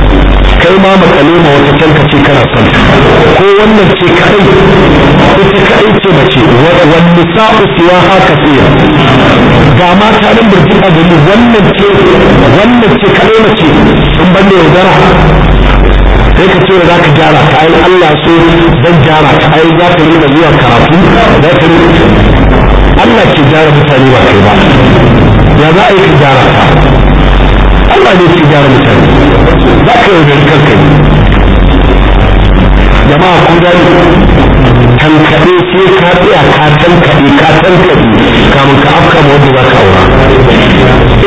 kai ma makale ma wata can ka ce kana son ko wannan ce kadai ita kadai ce mace wan nisa'u siwa haka tsiya ga ma tarin burjin a gari wannan ce wannan ce kadai mace in banda yaudara sai ka ce za ka gyara ta ai Allah so zan gyara ta ai za ka rinka zuwa karatu za ka rinka Allah ke gyara mutane ba kai ba ya za a yi ka gyara ka. Allah ne su gyara mutane za ka yi da kanka ne jama'a ku gani tankaɗe sai ka tsaya ka tankaɗe ka tankaɗe kamun ka afka ma wanda za ka aura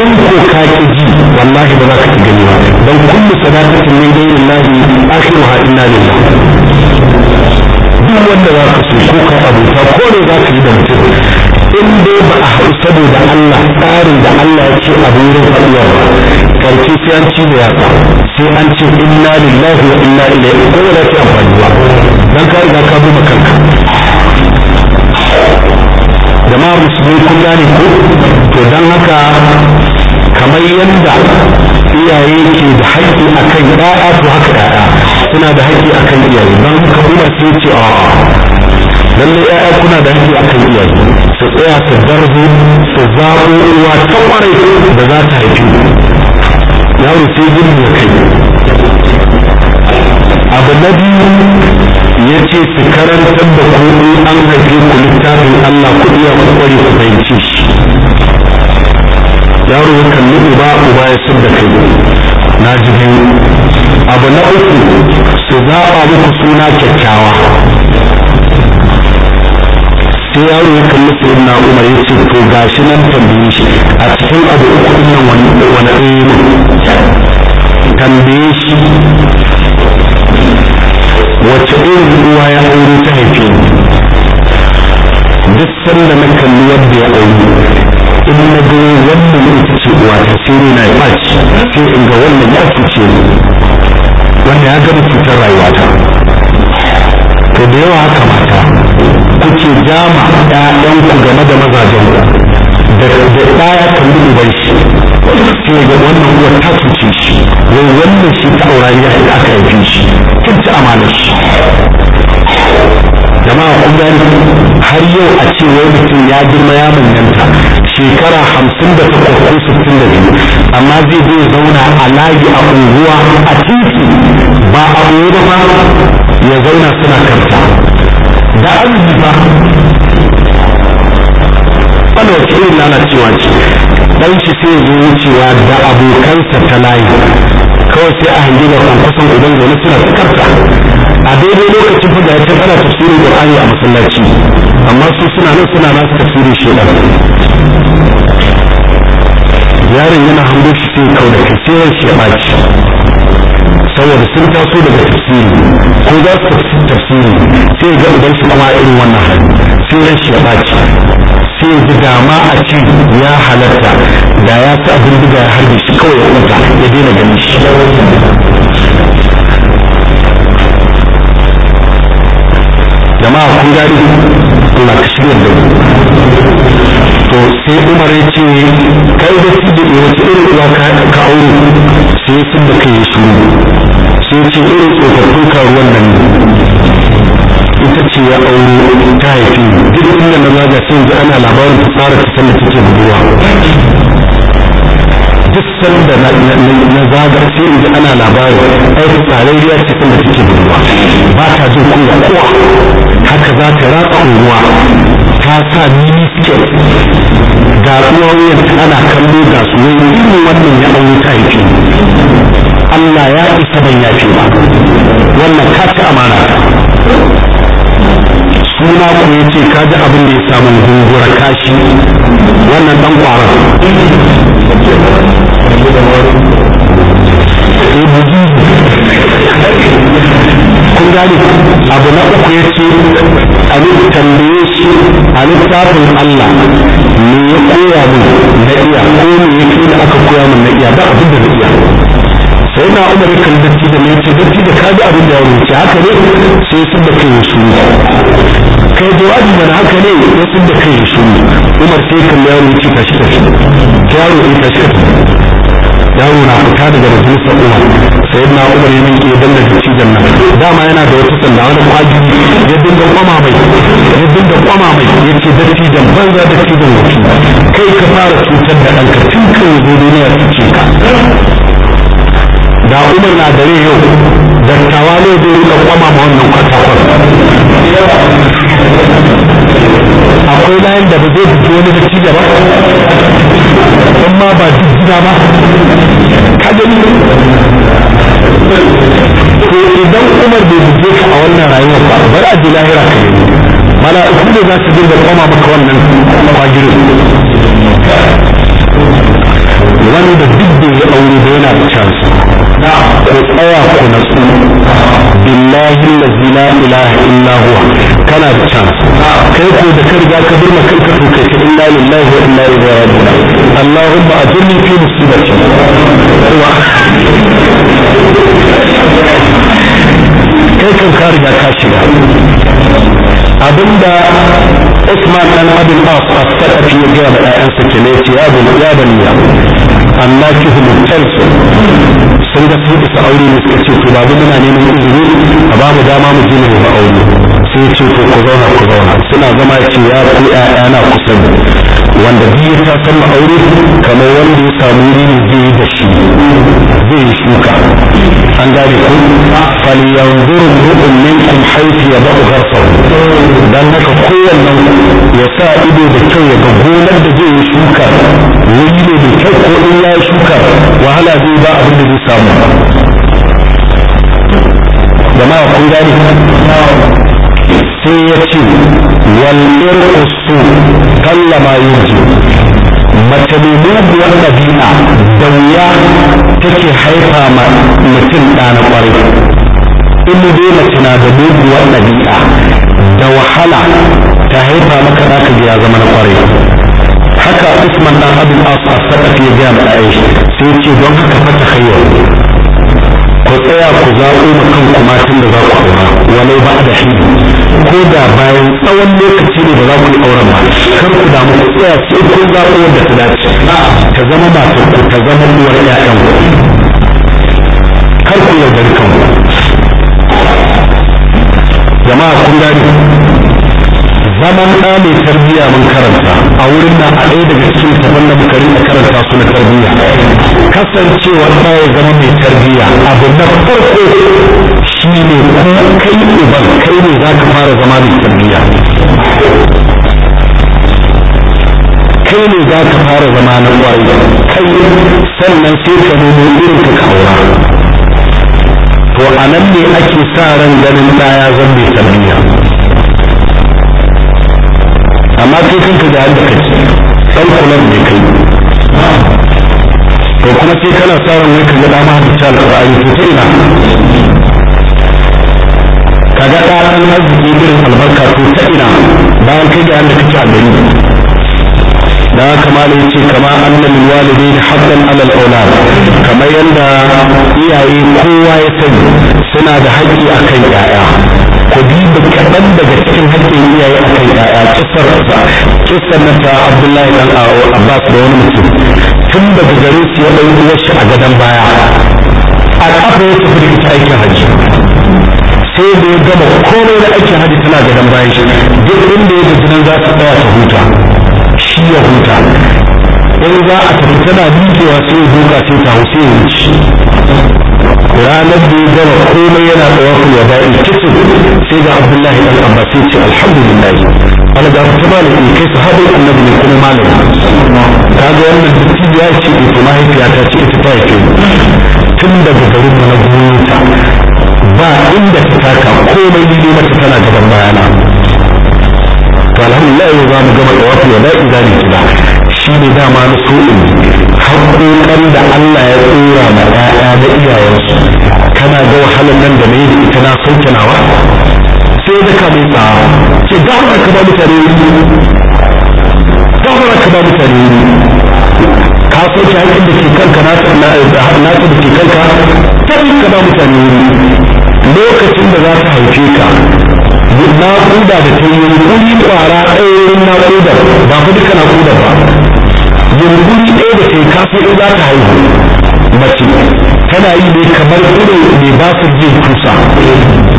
in ko ka ki ji wallahi ba za ka ki gani ba don lahi a min ghayrillahi akhiruha inna lillahi duk wanda za ka so ko ka abuta ko ne za ka yi da mutum in dai ba a haɗu saboda Allah tsarin da Allah ya ce a wurin faɗuwa ba karki sai an ci da yatsa sai an ce inna lillahi wa inna ilaihi ko da ce amfani ba dan ka riga ka buma kanka jama'a musulmi kun gane ko to dan haka kamar yadda iyaye ke da haƙƙi akan ƴaƴa to haka ƴaƴa suna da haƙƙi akan iyaye dan haka Umar sai ce a lallai ƴaƴa kuna da haƙƙi akan iyaye su tsaya su zarzo su zaro ta kwarai da za ta haifi yaro sai gudu ya kai abu na biyu ya ce su karantar da kuɗi an haife ku littafin Allah kuɗi a kwakwari ku fahimci shi yaro ya kalli uba uba ya sun da kai na ji biyu abu na uku su zaɓa muku suna kyakkyawa sai yaro ya kalli sai na umar ya ce to gashi nan tambaye shi a cikin abu uku nan wani wani ɗaya ne tambaye shi wacce irin uwa ya aure ta haife ni. duk sanda na kalli yadda ya aure in na ga wannan ita ce uwa ta sai na ya ɓaci sai in ga wannan ya cuce ni Wanda ya gama cutar rayuwata to da yawa haka mata kuke jama yayanku game da mazajen da ɗaya kan yi uban shi sai ga wannan uwar ta cuce shi wai wannan shi ta aura ya da aka haife shi kin ci amanar shi jama'a kun gani har yau a ce wai mutum ya girma ya manyanta shekara hamsin da takwas ko sittin da biyu amma zai zo zauna a layi a unguwa a titi ba a ba ya zauna suna karta da azumi ba wanda wace irin lalacewa ce dan shi sai zo wucewa da abokansa ta layi kawai sai a hangi da kwankwason uban zaune suna karta a daidai lokacin fa da ya ce ana tafsirin ƙur'ani a masallaci amma su suna nan suna tafsirin shedan yaron yana hango shi sai kawai da kai sai ya ɓaci saboda sun taso daga tafsiri ko za su tafsiri sai ga idan su kuma irin wannan hali sai ran shi ya baci sai ji dama a ci ya halarta da ya ta abin diga ya harbe shi kawai ya ɓuta ya daina ganin shi jama'a kun gari Allah ka shirya da to sai Umar ya ce kai da su da wata irin uwa ka aure sai sun da kai shiru sai ce irin tsofaffin karuwan nan ne ita ce ya auro ta haifi duk inda na zaga sai yanzu ana labarin tsara ta sanda take budurwa duk sanda na zaga sai yanzu ana labarin ai ce take ba ta jin kunya kowa haka za ta ratsa unguwa ta sa miniskir ga ruwa wuyan ana kallo ga su wani irin wannan ya auri ta haifi Allah ya isa ban ce ba wannan ka ci amana suna ku ya ce ka ji abin da ya samu gungura kashi wannan dan kwara eh, kun gane abu na uku ya ce a tambaye shi a littafin Allah me ya koya mu na iya ko me ya da aka koya min na iya ba abin da na iya sai na umar ya kalli datti da mai ce datti da kaji abin da ya wuce haka ne sai ya da kai su kai jawabi mana haka ne ya da kai su umar sai ya kalli yaro ya ce tashi tashi yaro ta ya tashi yaro na fita daga majalisar umar sai na umar ya miƙe ya danna da nan dama yana da wata sanda wani muhajiri ya dinga kwama mai ya dinga kwama mai ya ce da cijan banza da cijan wuce kai ka fara cutar da ɗanka tun kai zo duniya su ce ka da umar na dare yau da tawa ne zai rika kwama ma wannan kwatakwar akwai layin da ba zai fi wani da ci gaba don ma ba duk gida ba ka gani to idan umar bai buge ka a wannan rayuwar ba bari a ji lahira ka gani mala'iku da za su dinga kwama maka wannan kwagirin wanda duk da yi aure da yana da chance tsaya ku nasu billahi lazi la ilaha illa huwa kana da chance kai ko da ka riga ka birma kanka to kai ta inna lillahi wa inna ilaihi raji'un allahumma ajirni fi musibati kai kan ka riga ka shiga abinda Usman dan Abdul As as-Sakafi ya ga da ƴaƴansa kenan ya ce ya bani ya amma ki hukuntarsu sun ga sun isa aure ne suka ce ku babu muna neman izini a ba mu dama mu je mu aure sai ce to ku zauna ku zauna suna zama ce ya ku ƴaƴana ku wanda biyu ta sama aure kamar wanda ya samu wuri zai da shi zai shuka an gane ku falyanzuru ru'un minkum haythu yad'u gharsahu dan haka kowannen ya sa ido da kyau ya ga gonar da zai shuka wuri ne da kyau ko in ya shuka wahala zai ba abin da zai samu jama'a kun gane sai ya ce walmir kusu kallama yanzu mace mai muguwar ɗabi'a da wuya take haifa ma mutum ɗana ƙwarai in dai mace na da muguwar ɗabi'a da wahala ta haifa maka ɗaka ya zama na ƙwarai haka Usman ɗan Abdul As a sadafi ya gaya mai Aisha sai ce don haka fa takhayyar ku tsaya ku zaɓo ma kanku matan da za ku aura walau ba da shi ko da bayan tsawon lokaci ne da za ku yi auren ba kar ku damu ku tsaya sai kun zaɓo wanda ta dace ta zama matar ku ta zama uwar ƴaƴan ku kar ku yaudari kanku jama'a kun gani zama ɗa mai tarbiyya mun karanta a wurin nan a ɗaya daga cikin tafan da muka rinka karanta su na tarbiyya kasancewa ta ya zama mai tarbiyya abu na farko shi ne kai ne ba kai ne za ka fara zama mai tarbiyya kai ne za ka fara zama na ƙwarai kai sannan sai ka nemo irin ka kaura to a nan ne ake sa ran ganin ɗaya zan mai tarbiyya amma kai kan ka ga da kake dan kula da kai to kuma sai kana tsaron ne ka ga da ma hadisi alqur'ani to sai ina ka ga da ran arziki irin albarka to ta ina bayan kai ga da kake a gari da kama da yace kama annal walidain haqqan ala al-awlad kamar yanda iyaye kowa ya sani suna da haƙƙi akan 'ya'ya ku da kaɗan daga cikin haƙƙin iyaye a kan ƴaƴa kisar sa kisar na ta abdullahi dan abbas da wani mutum tun daga garin su ya ɗau uwarshi a gadon baya a ƙafa ya tafi da ita aikin hajji sai da ya gama komai da aikin hajji tana gadon bayan shi duk inda ya gaji nan za su tsaya ta huta shi ya huta in za a tafi tana miƙewa sai ya doka sai ta hau sai ya wuce ranar da ya gama komai yana tsawon ya bayi cikin sai ga abdullahi dan abbas ce alhamdulillah wani ga ta malami kai sahabin annabi ne kuma malami ta ga wannan dattijo ya ce ita mahaifiya ta ce ita ta haife tun daga garin na goyota ba inda ta taka komai ne mata tana gaban bayana to alhamdulillah yau za mu gama tsawon ya bayi zani kila shi ne dama na so in haƙoƙar da Allah ya tsora na mutane tsawa ce da haka ka ba mutane da haka ka ba mutane ka soke haƙƙin da ke kanka na ta na da ke kanka ta tabbin ka ba mutane lokacin da za ta haife ka na naƙuda da ta yi yunkuri ƙwara ɗaya naƙudar ba fa duka naƙudar ba yunkuri ɗaya da ta yi kafin in za ta haihu mace tana yi ne kamar irin mai basir jin kusa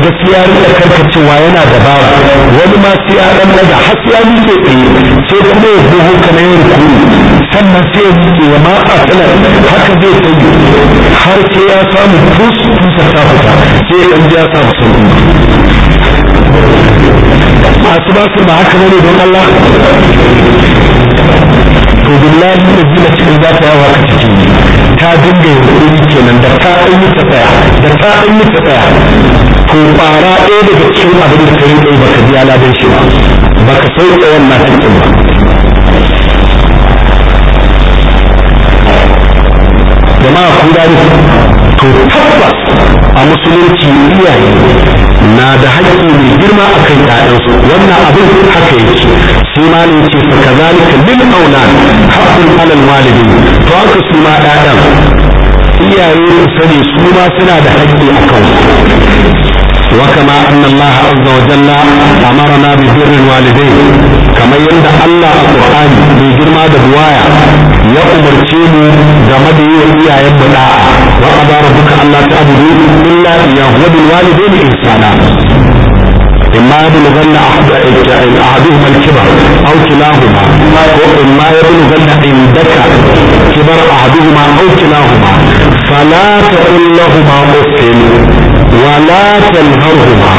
ka siyari da karka cewa yana da dabara wani ma sai ya dan daga har sai ya miƙe tsaye sai kuma ya buhu kana yin rukuni sannan sai ya miƙe ya ma a tsanar haka zai tsaye har sai ya samu tus kusa ta fita sai ya dan ji ya samu sauƙi masu su ba haka ne don Allah to billahi da zina cikin za ta yawa ka ciki ta dinga yin kenan da ta ɗan yi ta tsaya da ta ɗan yi ta tsaya to fara ɗaya daga cikin abin da ka yi baka biya ladan shi ba baka tsayan wannan haƙƙin ba jama'a kun gani to tabbas a musulunci iyaye na da haƙƙi mai girma a kan ƴaƴansu wannan abin haka yake sai ma ne ce fa kazalika lil aulad haqqun alal walidin to haka su ma ƴaƴan iyaye sani su ma suna da haƙƙi a kansu وكما أن الله عز وجل أمرنا ببر الوالدين كما يند الله القرآن بجرما دبوايا يا أمر تيمو جمدي وإيا يبدا وقضى ربك ألا تعبدوا إلا إياه وبالوالدين إنسانا إما يبلغن أحدهما الكبر أو كلاهما وإما يبلغن عندك كبر أحدهما أو كلاهما فلا تقل لهما اف ولا تنهرهما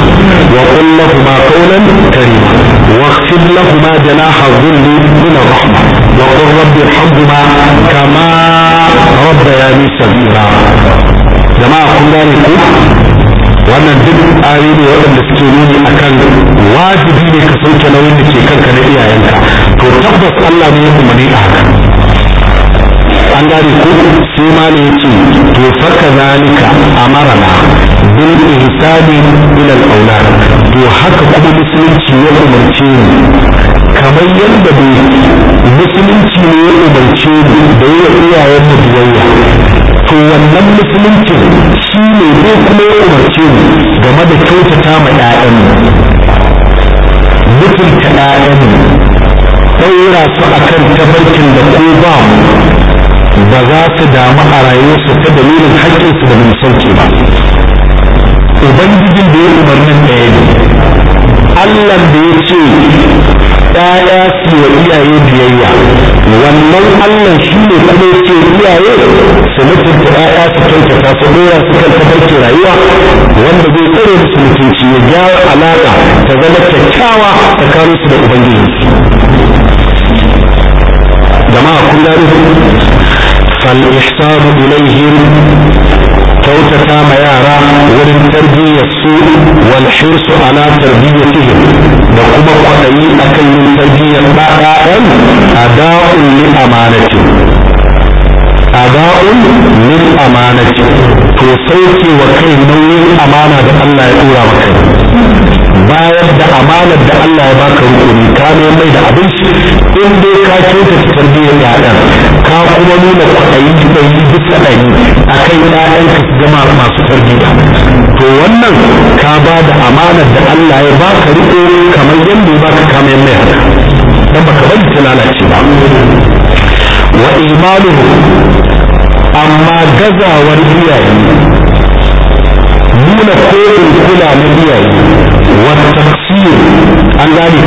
وقل لهما قولا كريما واخفض لهما جناح الذل من الرحمه وقل رب ارحمهما كما ربياني صغيرا kun gane ku wannan duk ne waɗanda suke nuni akan wajibi ne ka sauke nauyin da ke kanka na iyayenka to tabbas Allah ne ya umarni a an gane ko sai ma ne yace to fa kazalika amarna bil ihsani ila al aulad to haka kuma musulunci ya umarce ni kamar yadda bai musulunci ne ya umarce ni da yi iyayen mu biyayya to wannan musulunci shi ne bai kuma ya umarce ni game da kyautata ma 'ya'yan mu mutunta 'ya'yan mu ɗaura su akan tafarkin da ko ba ba za su damu a rayuwarsu ta dalilin haƙƙinsu da mai ba ubangijin da ya umarnin ɗaya ne allah da ya ce ɗaya su wa iyaye biyayya wannan allah shi ne kuma ya ce iyaye su mutunta ɗaya su ta su ɗora su kan tafarki rayuwa wanda zai tsare musu mutunci ya gyara alaƙa ta zama kyakkyawa tsakaninsu da ubangijinsu jama'a kun فالإحسان إليهم كوتتا ما يارا وللتربية تربية السوء والحرص على تربيتهم وقم قطعي أكل من تربية بعد أداء لأمانته أداء للأمانة to في wa kai nauyin أمانة da Allah ya bayar da amanar da Allah ya baka rukuni ka mai da abin shi in dai ka kyauta ta tarbiyyar yayan ka kuma nuna kwaɗayi yi duk ɗari a kai yayan ka zama masu tarbiyya to wannan ka ba da amanar da Allah ya baka riko kamar yadda ya baka kamar mai haka dan baka bari ta lalace ba wa imanuhu amma gazawar iyaye nuna ko in kula na iyaye wata tafsir an gane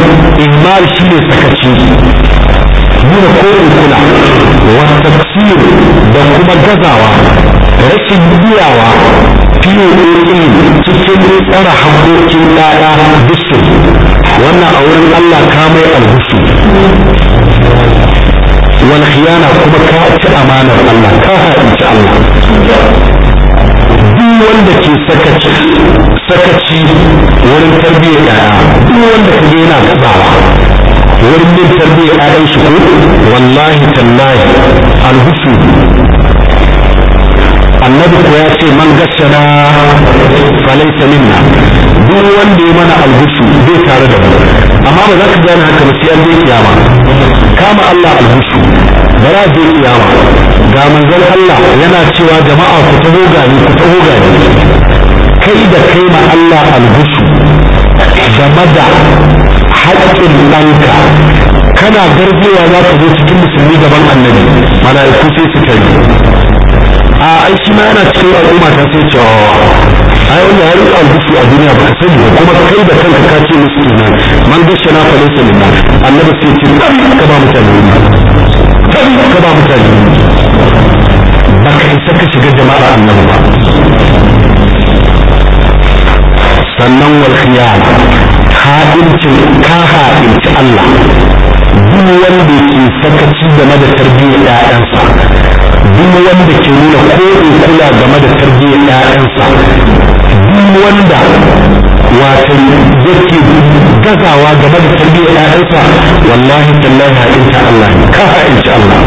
ihmal shi ne sakaci nuna ko kula wata tafsir da kuma gazawa rashin iyawa POA cikin tsara hankokin ɗaya bisu wannan a wurin Allah ka mai alhusu wal khiyana kuma ka ci amanar Allah ka haɗinci Allah wanda ke sakaci sakaci wurin tarbiyyar ɗaya, duk wanda ka ga yana gazawa wurin bin tarbiyyar yayan shi ko wallahi tallahi alhusu annabi ko ya ce man gashana falaita minna duk wanda ya mana alhusu bai tare da mu amma ba za ka gane haka ba sai an je kiyama kama Allah alhusu ba za je kiyama ga manzon Allah yana cewa jama'a ku taho gani ku taho gani kai da kai ma Allah albushu game da haƙƙin ɗanka kana garjewa za ka zo cikin musulmi gaban annabi mala'iku sai su tari a ai shi ma yana cikin al'umma ta sai cewa ai wanda ya rika a duniya ba sani ba kuma kai da kanka ka ce musu kenan man gashe na falisa minna annabi sai ce ka ba mutane ne ka ba mutane ka isa ka shiga jama'ar annabi ba sannan wal khiyana haɗincin ka haɗinci Allah duk wanda ke sakaci game da tarbiyyar ‘ya'yansa duk wanda ke nuna koɗin kula game da tarbiyyar ‘ya'yansa duk wanda watan yake gazawa game da tarbiyyar ‘ya'yansa wallahi tallahi haɗinta Allah ne ka haɗinci Allah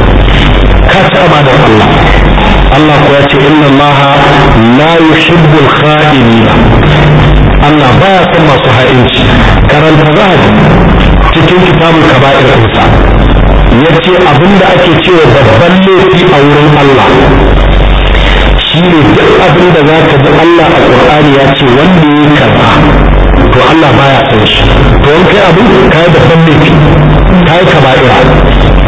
ka ci amanar Allah Allah ko ya ce inna Allaha la yuhibbul kha'inin Allah baya son masu ha'inci karanta zahabi cikin kitabun kaba'ir kusa ya ce abinda ake cewa babban laifi a wurin Allah shi ne duk abin da za ka ji Allah a Ƙur'ani ya ce wanda ya karɓa to Allah baya son shi to wani kai abin ka yi babban laifi ka yi kaba'ira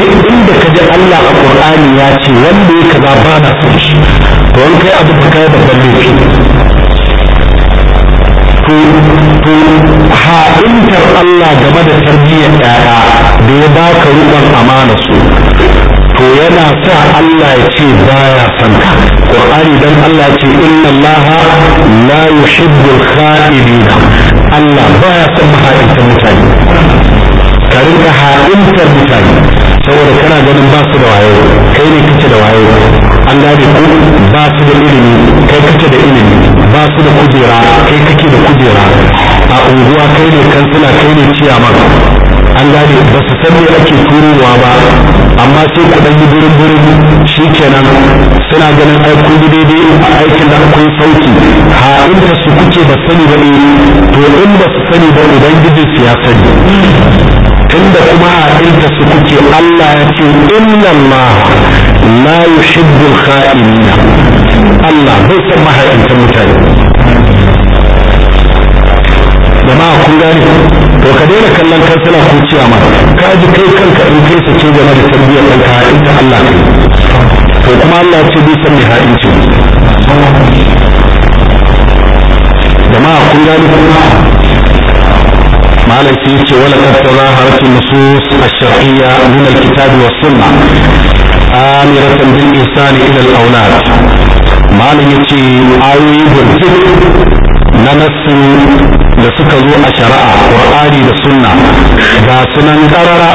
duk inda ka ji Allah a Qur'ani ya ce wanda ya kaza ba na son shi to wani kai abu kai da balle laifi to to ha'intar Allah game da tarbiyyar ɗaya da ya baka rubar amana su to yana sa Allah ya ce baya son ka Qur'ani dan Allah ya ce inna Allah la yuhibbul kha'ibin Allah baya son mahaifin mutane Karin ka rinka ha'intar mutane saboda kana ganin ba su da wayo kai ne kace da wayo an gane ku ba su da ilimi kai kace da ilimi ba su da kujera kai kake da kujera a unguwa kai ne kansila kai ne ma an gane ba su san me ake turowa ba amma sai ku ɗan yi burin burin shi kenan suna ganin ai kun yi daidai a aikin da kun sauki ha inda su kuke ba sani ba ne eh, to in ba su sani ba ubangijin su ya sani tunda kuma a haɗinta su kuke Allah ya ce inna Allah la yuhibbu al-kha'inina Allah bai san mahaifinta mutane jama'a kun gane to ka daina kallon kansila ko ciyama ka ji kai kanka in kai sace game da tarbiyyar ɗanka haɗinta Allah kai to kuma Allah ya ce bai san mai haɗinci jama'a kun gane malam sai yace wala tattauna harfi nusus a shariyya min al wa sunna amiratan bil ihsan ila al-awlad malam yace ayoyi burjik na nasu da suka zo a shari'a ƙur'ani da sunna ga sunan karara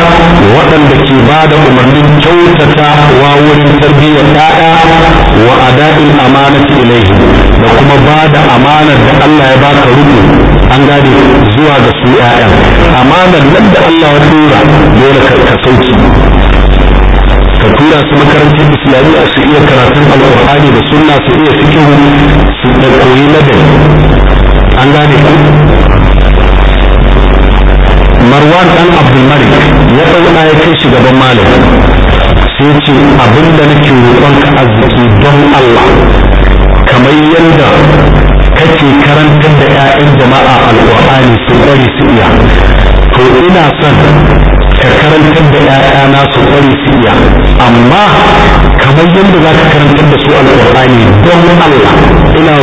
waɗanda ke ba da umarnin kyautata wa wurin tarbiyyar ɗaya wa ada'in ta ilaihi da kuma ba da amanar da Allah ya baka rubu an gane zuwa ga su ƴaƴan amanar nan da Allah ya tura dole ka sauki ka tura su makarantar islamiyya su iya karatun alƙur'ani da sunna su iya fikihu su koyi ladabi an gane ku marwan dan abdulmalik ya ɗauna ya kai shugaban malam sai ce abinda nake ka arziki don allah kamar yadda kake karantar da 'ya'yan jama'a alƙur'ani su ƙware su iya to ina son ka karantar da 'ya'yana su ƙware su iya amma kamar yadda za ka karantar da su alƙur'ani don allah ina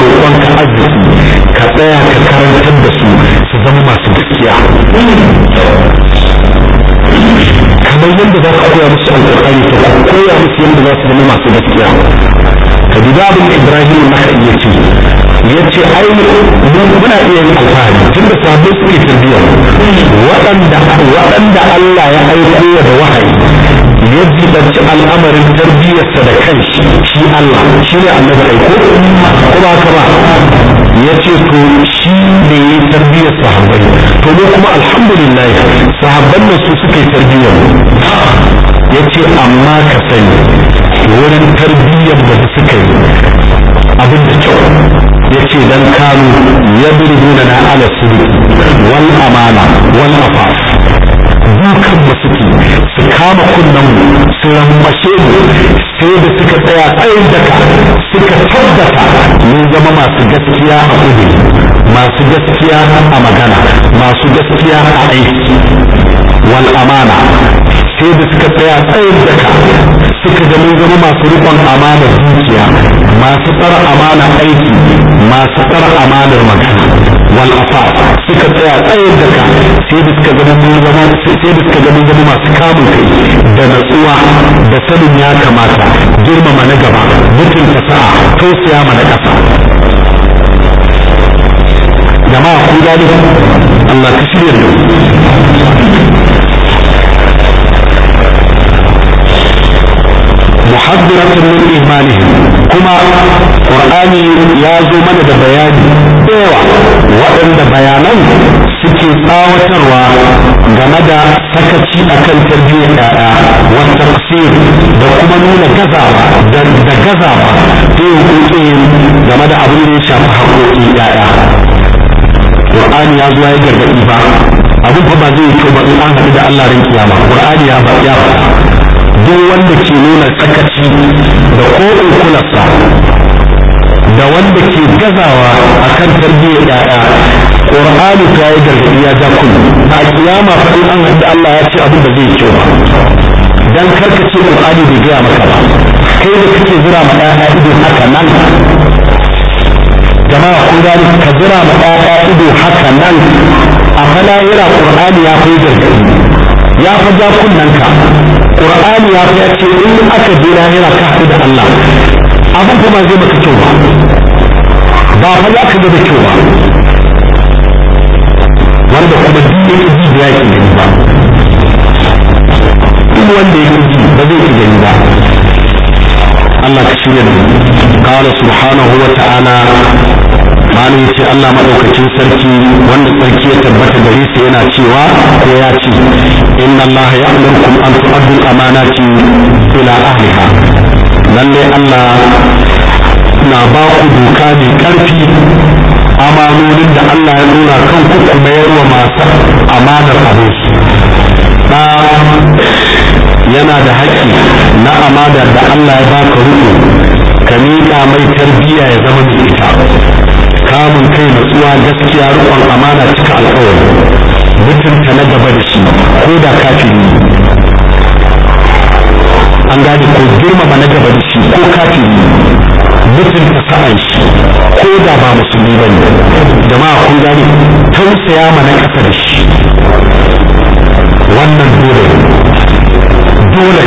ka arziki ka tsaya ka karantar da su su zama masu gaskiya kamar yadda za ka koya musu alƙur'ani to ka koya musu yadda za su zama masu gaskiya ka duba abin ibrahim naka iya ce ya ce ai muna iya yin alfahari tun da sabbin suke tarbiyya waɗanda waɗanda Allah ya aiko da wahayi ya jibanci al'amarin tarbiyyarsa da kanshi shi Allah shi ne annabi aiko ba haka ba ya ce to shi ne ya yi tarbiyyar sahabbai to mu kuma alhamdulillah sahabban da su suka tarbiya tarbiyyar ya ce amma ka sani wurin tarbiyyar da suka yi abin da kyau ya ce dan kanu ya birguna na ala wal amana wal afaf dukan ba suke sun kama kunnan, mu sun rammashe mu sai da suka tsaya tsayin daga, suka tabbata mun zama masu gaskiya a kudu masu gaskiya a magana masu gaskiya a aiki wal amana sai da suka tsaya tsayin daga. suka ga mun zama masu rikon amana zuciya masu tsara amana aiki masu tsara amanar magana wal afa suka tsaya tsaye da ka sai da suka ga mun zama sai suka ga zama masu kamun kai da natsuwa da sanin ya kamata girmama na gaba mutunta sa'a tausaya mana kasa jama'a kun gane Allah ka shirya da muhaddiratan min imanihim kuma qur'ani ya zo mana da bayani yawa waɗanda bayanan suke tsawatarwa game da sakaci akan tarbiyyar yaya wa taqsir da kuma nuna gazawa da gazawa ta hukukin game da abin da ya shafi haƙoƙin yaya qur'ani ya zo ya gargaɗi ba abin ba zai yi kyau ba in an haɗu da Allah ran kiyama qur'ani ya ba ya duk wanda ke nuna tsakaci da ko kularsa da wanda ke gazawa a kan tarbiyya yaya ƙur'ani ta yi gargaɗi ya ja kullu a kiyama fa in an haɗu Allah ya ce abin da zai ce ba dan karka ce ƙur'ani bai gaya maka ba kai da kake jira ma ɗaya ido haka nan jama'a kun gani ka jira ma ɗaya ido haka nan a fana yana ƙur'ani ya kai gargaɗi ya fa ja kunnanka qur'ani ya fa ce in aka je lahira ka haɗu da Allah abin kuma zai maka kyau ba ba fa za ka da kyau ba wanda kuma duk ji da yake gani ba in wanda ya ji ba zai ki gani ba Allah ka shirya da mu qala subhanahu wa ta'ala malum ya ce Allah maɗaukacin sarki wanda sarki ya tabbata gare sa yana cewa ko ya ce inna Allah ya'murukum an tu'addu al-amanati ila ahliha lalle Allah na ba ku doka mai karfi amanonin da Allah ya nuna kan ku ku mayar masu amanar su ɗa yana da haƙƙi na amana da Allah ya baka ruku ka miƙa mai tarbiyya ya zama mai ita kamun kai natsuwa gaskiya rikon amana cika alkawari mutunta na gaba da shi ko da kafiri an gane ko girma ba na gaba da shi ko kafiri mutunta sa'an shi ko da ba musulmi ba ne jama'a kun gane tausaya ma na ƙasa da shi wannan dole dole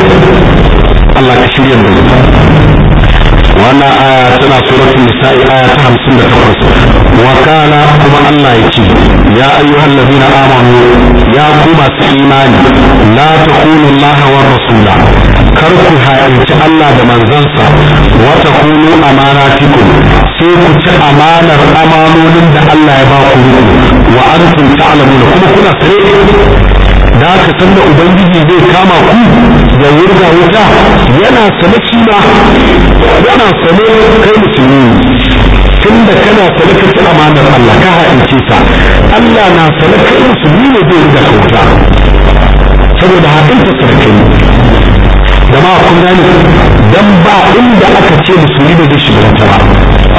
Allah ka shirya mu wannan aya tana suratul nisa'i aya ta 58 wa kana kuma Allah yace ya ayyuhal ladina amanu ya ku masu imani la takunu Allah wa rasula kar ku ha'inci Allah da manzansa wa takunu amanatikum sai ku ci amanar amanonin da Allah ya ba ku wa antum ta'lamuna kuma kuna sare da haka da ubangiji zai kama ku ya wurga wuta yana sane kima yana sane kai musulmi tun da kana sane ka ci amanar Allah ka haɗince ta Allah na sane kai musulmi ne zai wurga ka wuta saboda haɗin ta sarkai jama'a kun gane dan ba inda aka ce musulmi ba zai shiga wata ba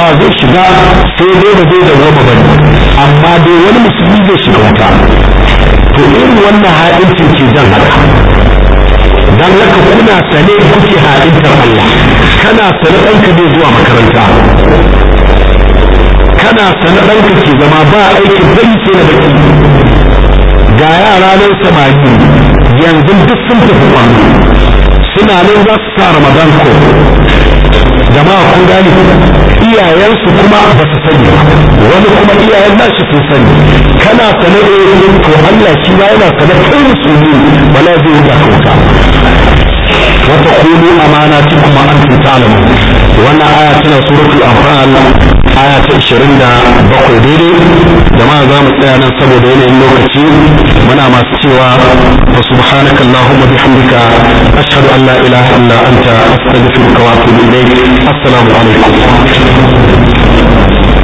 a zai shiga sai dai ba zai zama ba amma dai wani musulmi zai shiga wata to irin wannan ha'incin ke jan haka dan laka kuna sane kuke ha'intar Allah kana sane ɗanka bai zuwa makaranta kana sane ɗanka ke zama ba aiki bai sai na baki ga yara nan samari yanzu duk sun tafi kwanu suna nan za su sa ramadan ko jama'a kun gane iyayensu kuma ba su sani wani kuma iyayen nashi sun sani kana sane da eh, yin eh, to Allah shi ma yana sane kai musulmi wala zai yi kauta wata kulu amana ci kuma an tunta alamu wannan aya tana suratul anfal aya ta 27 daidai jama'a za mu tsaya nan saboda yanayin lokaci muna masu cewa wa subhanaka allahumma bihamdika ashhadu an la ilaha illa anta astaghfiruka wa atubu ilayk assalamu alaikum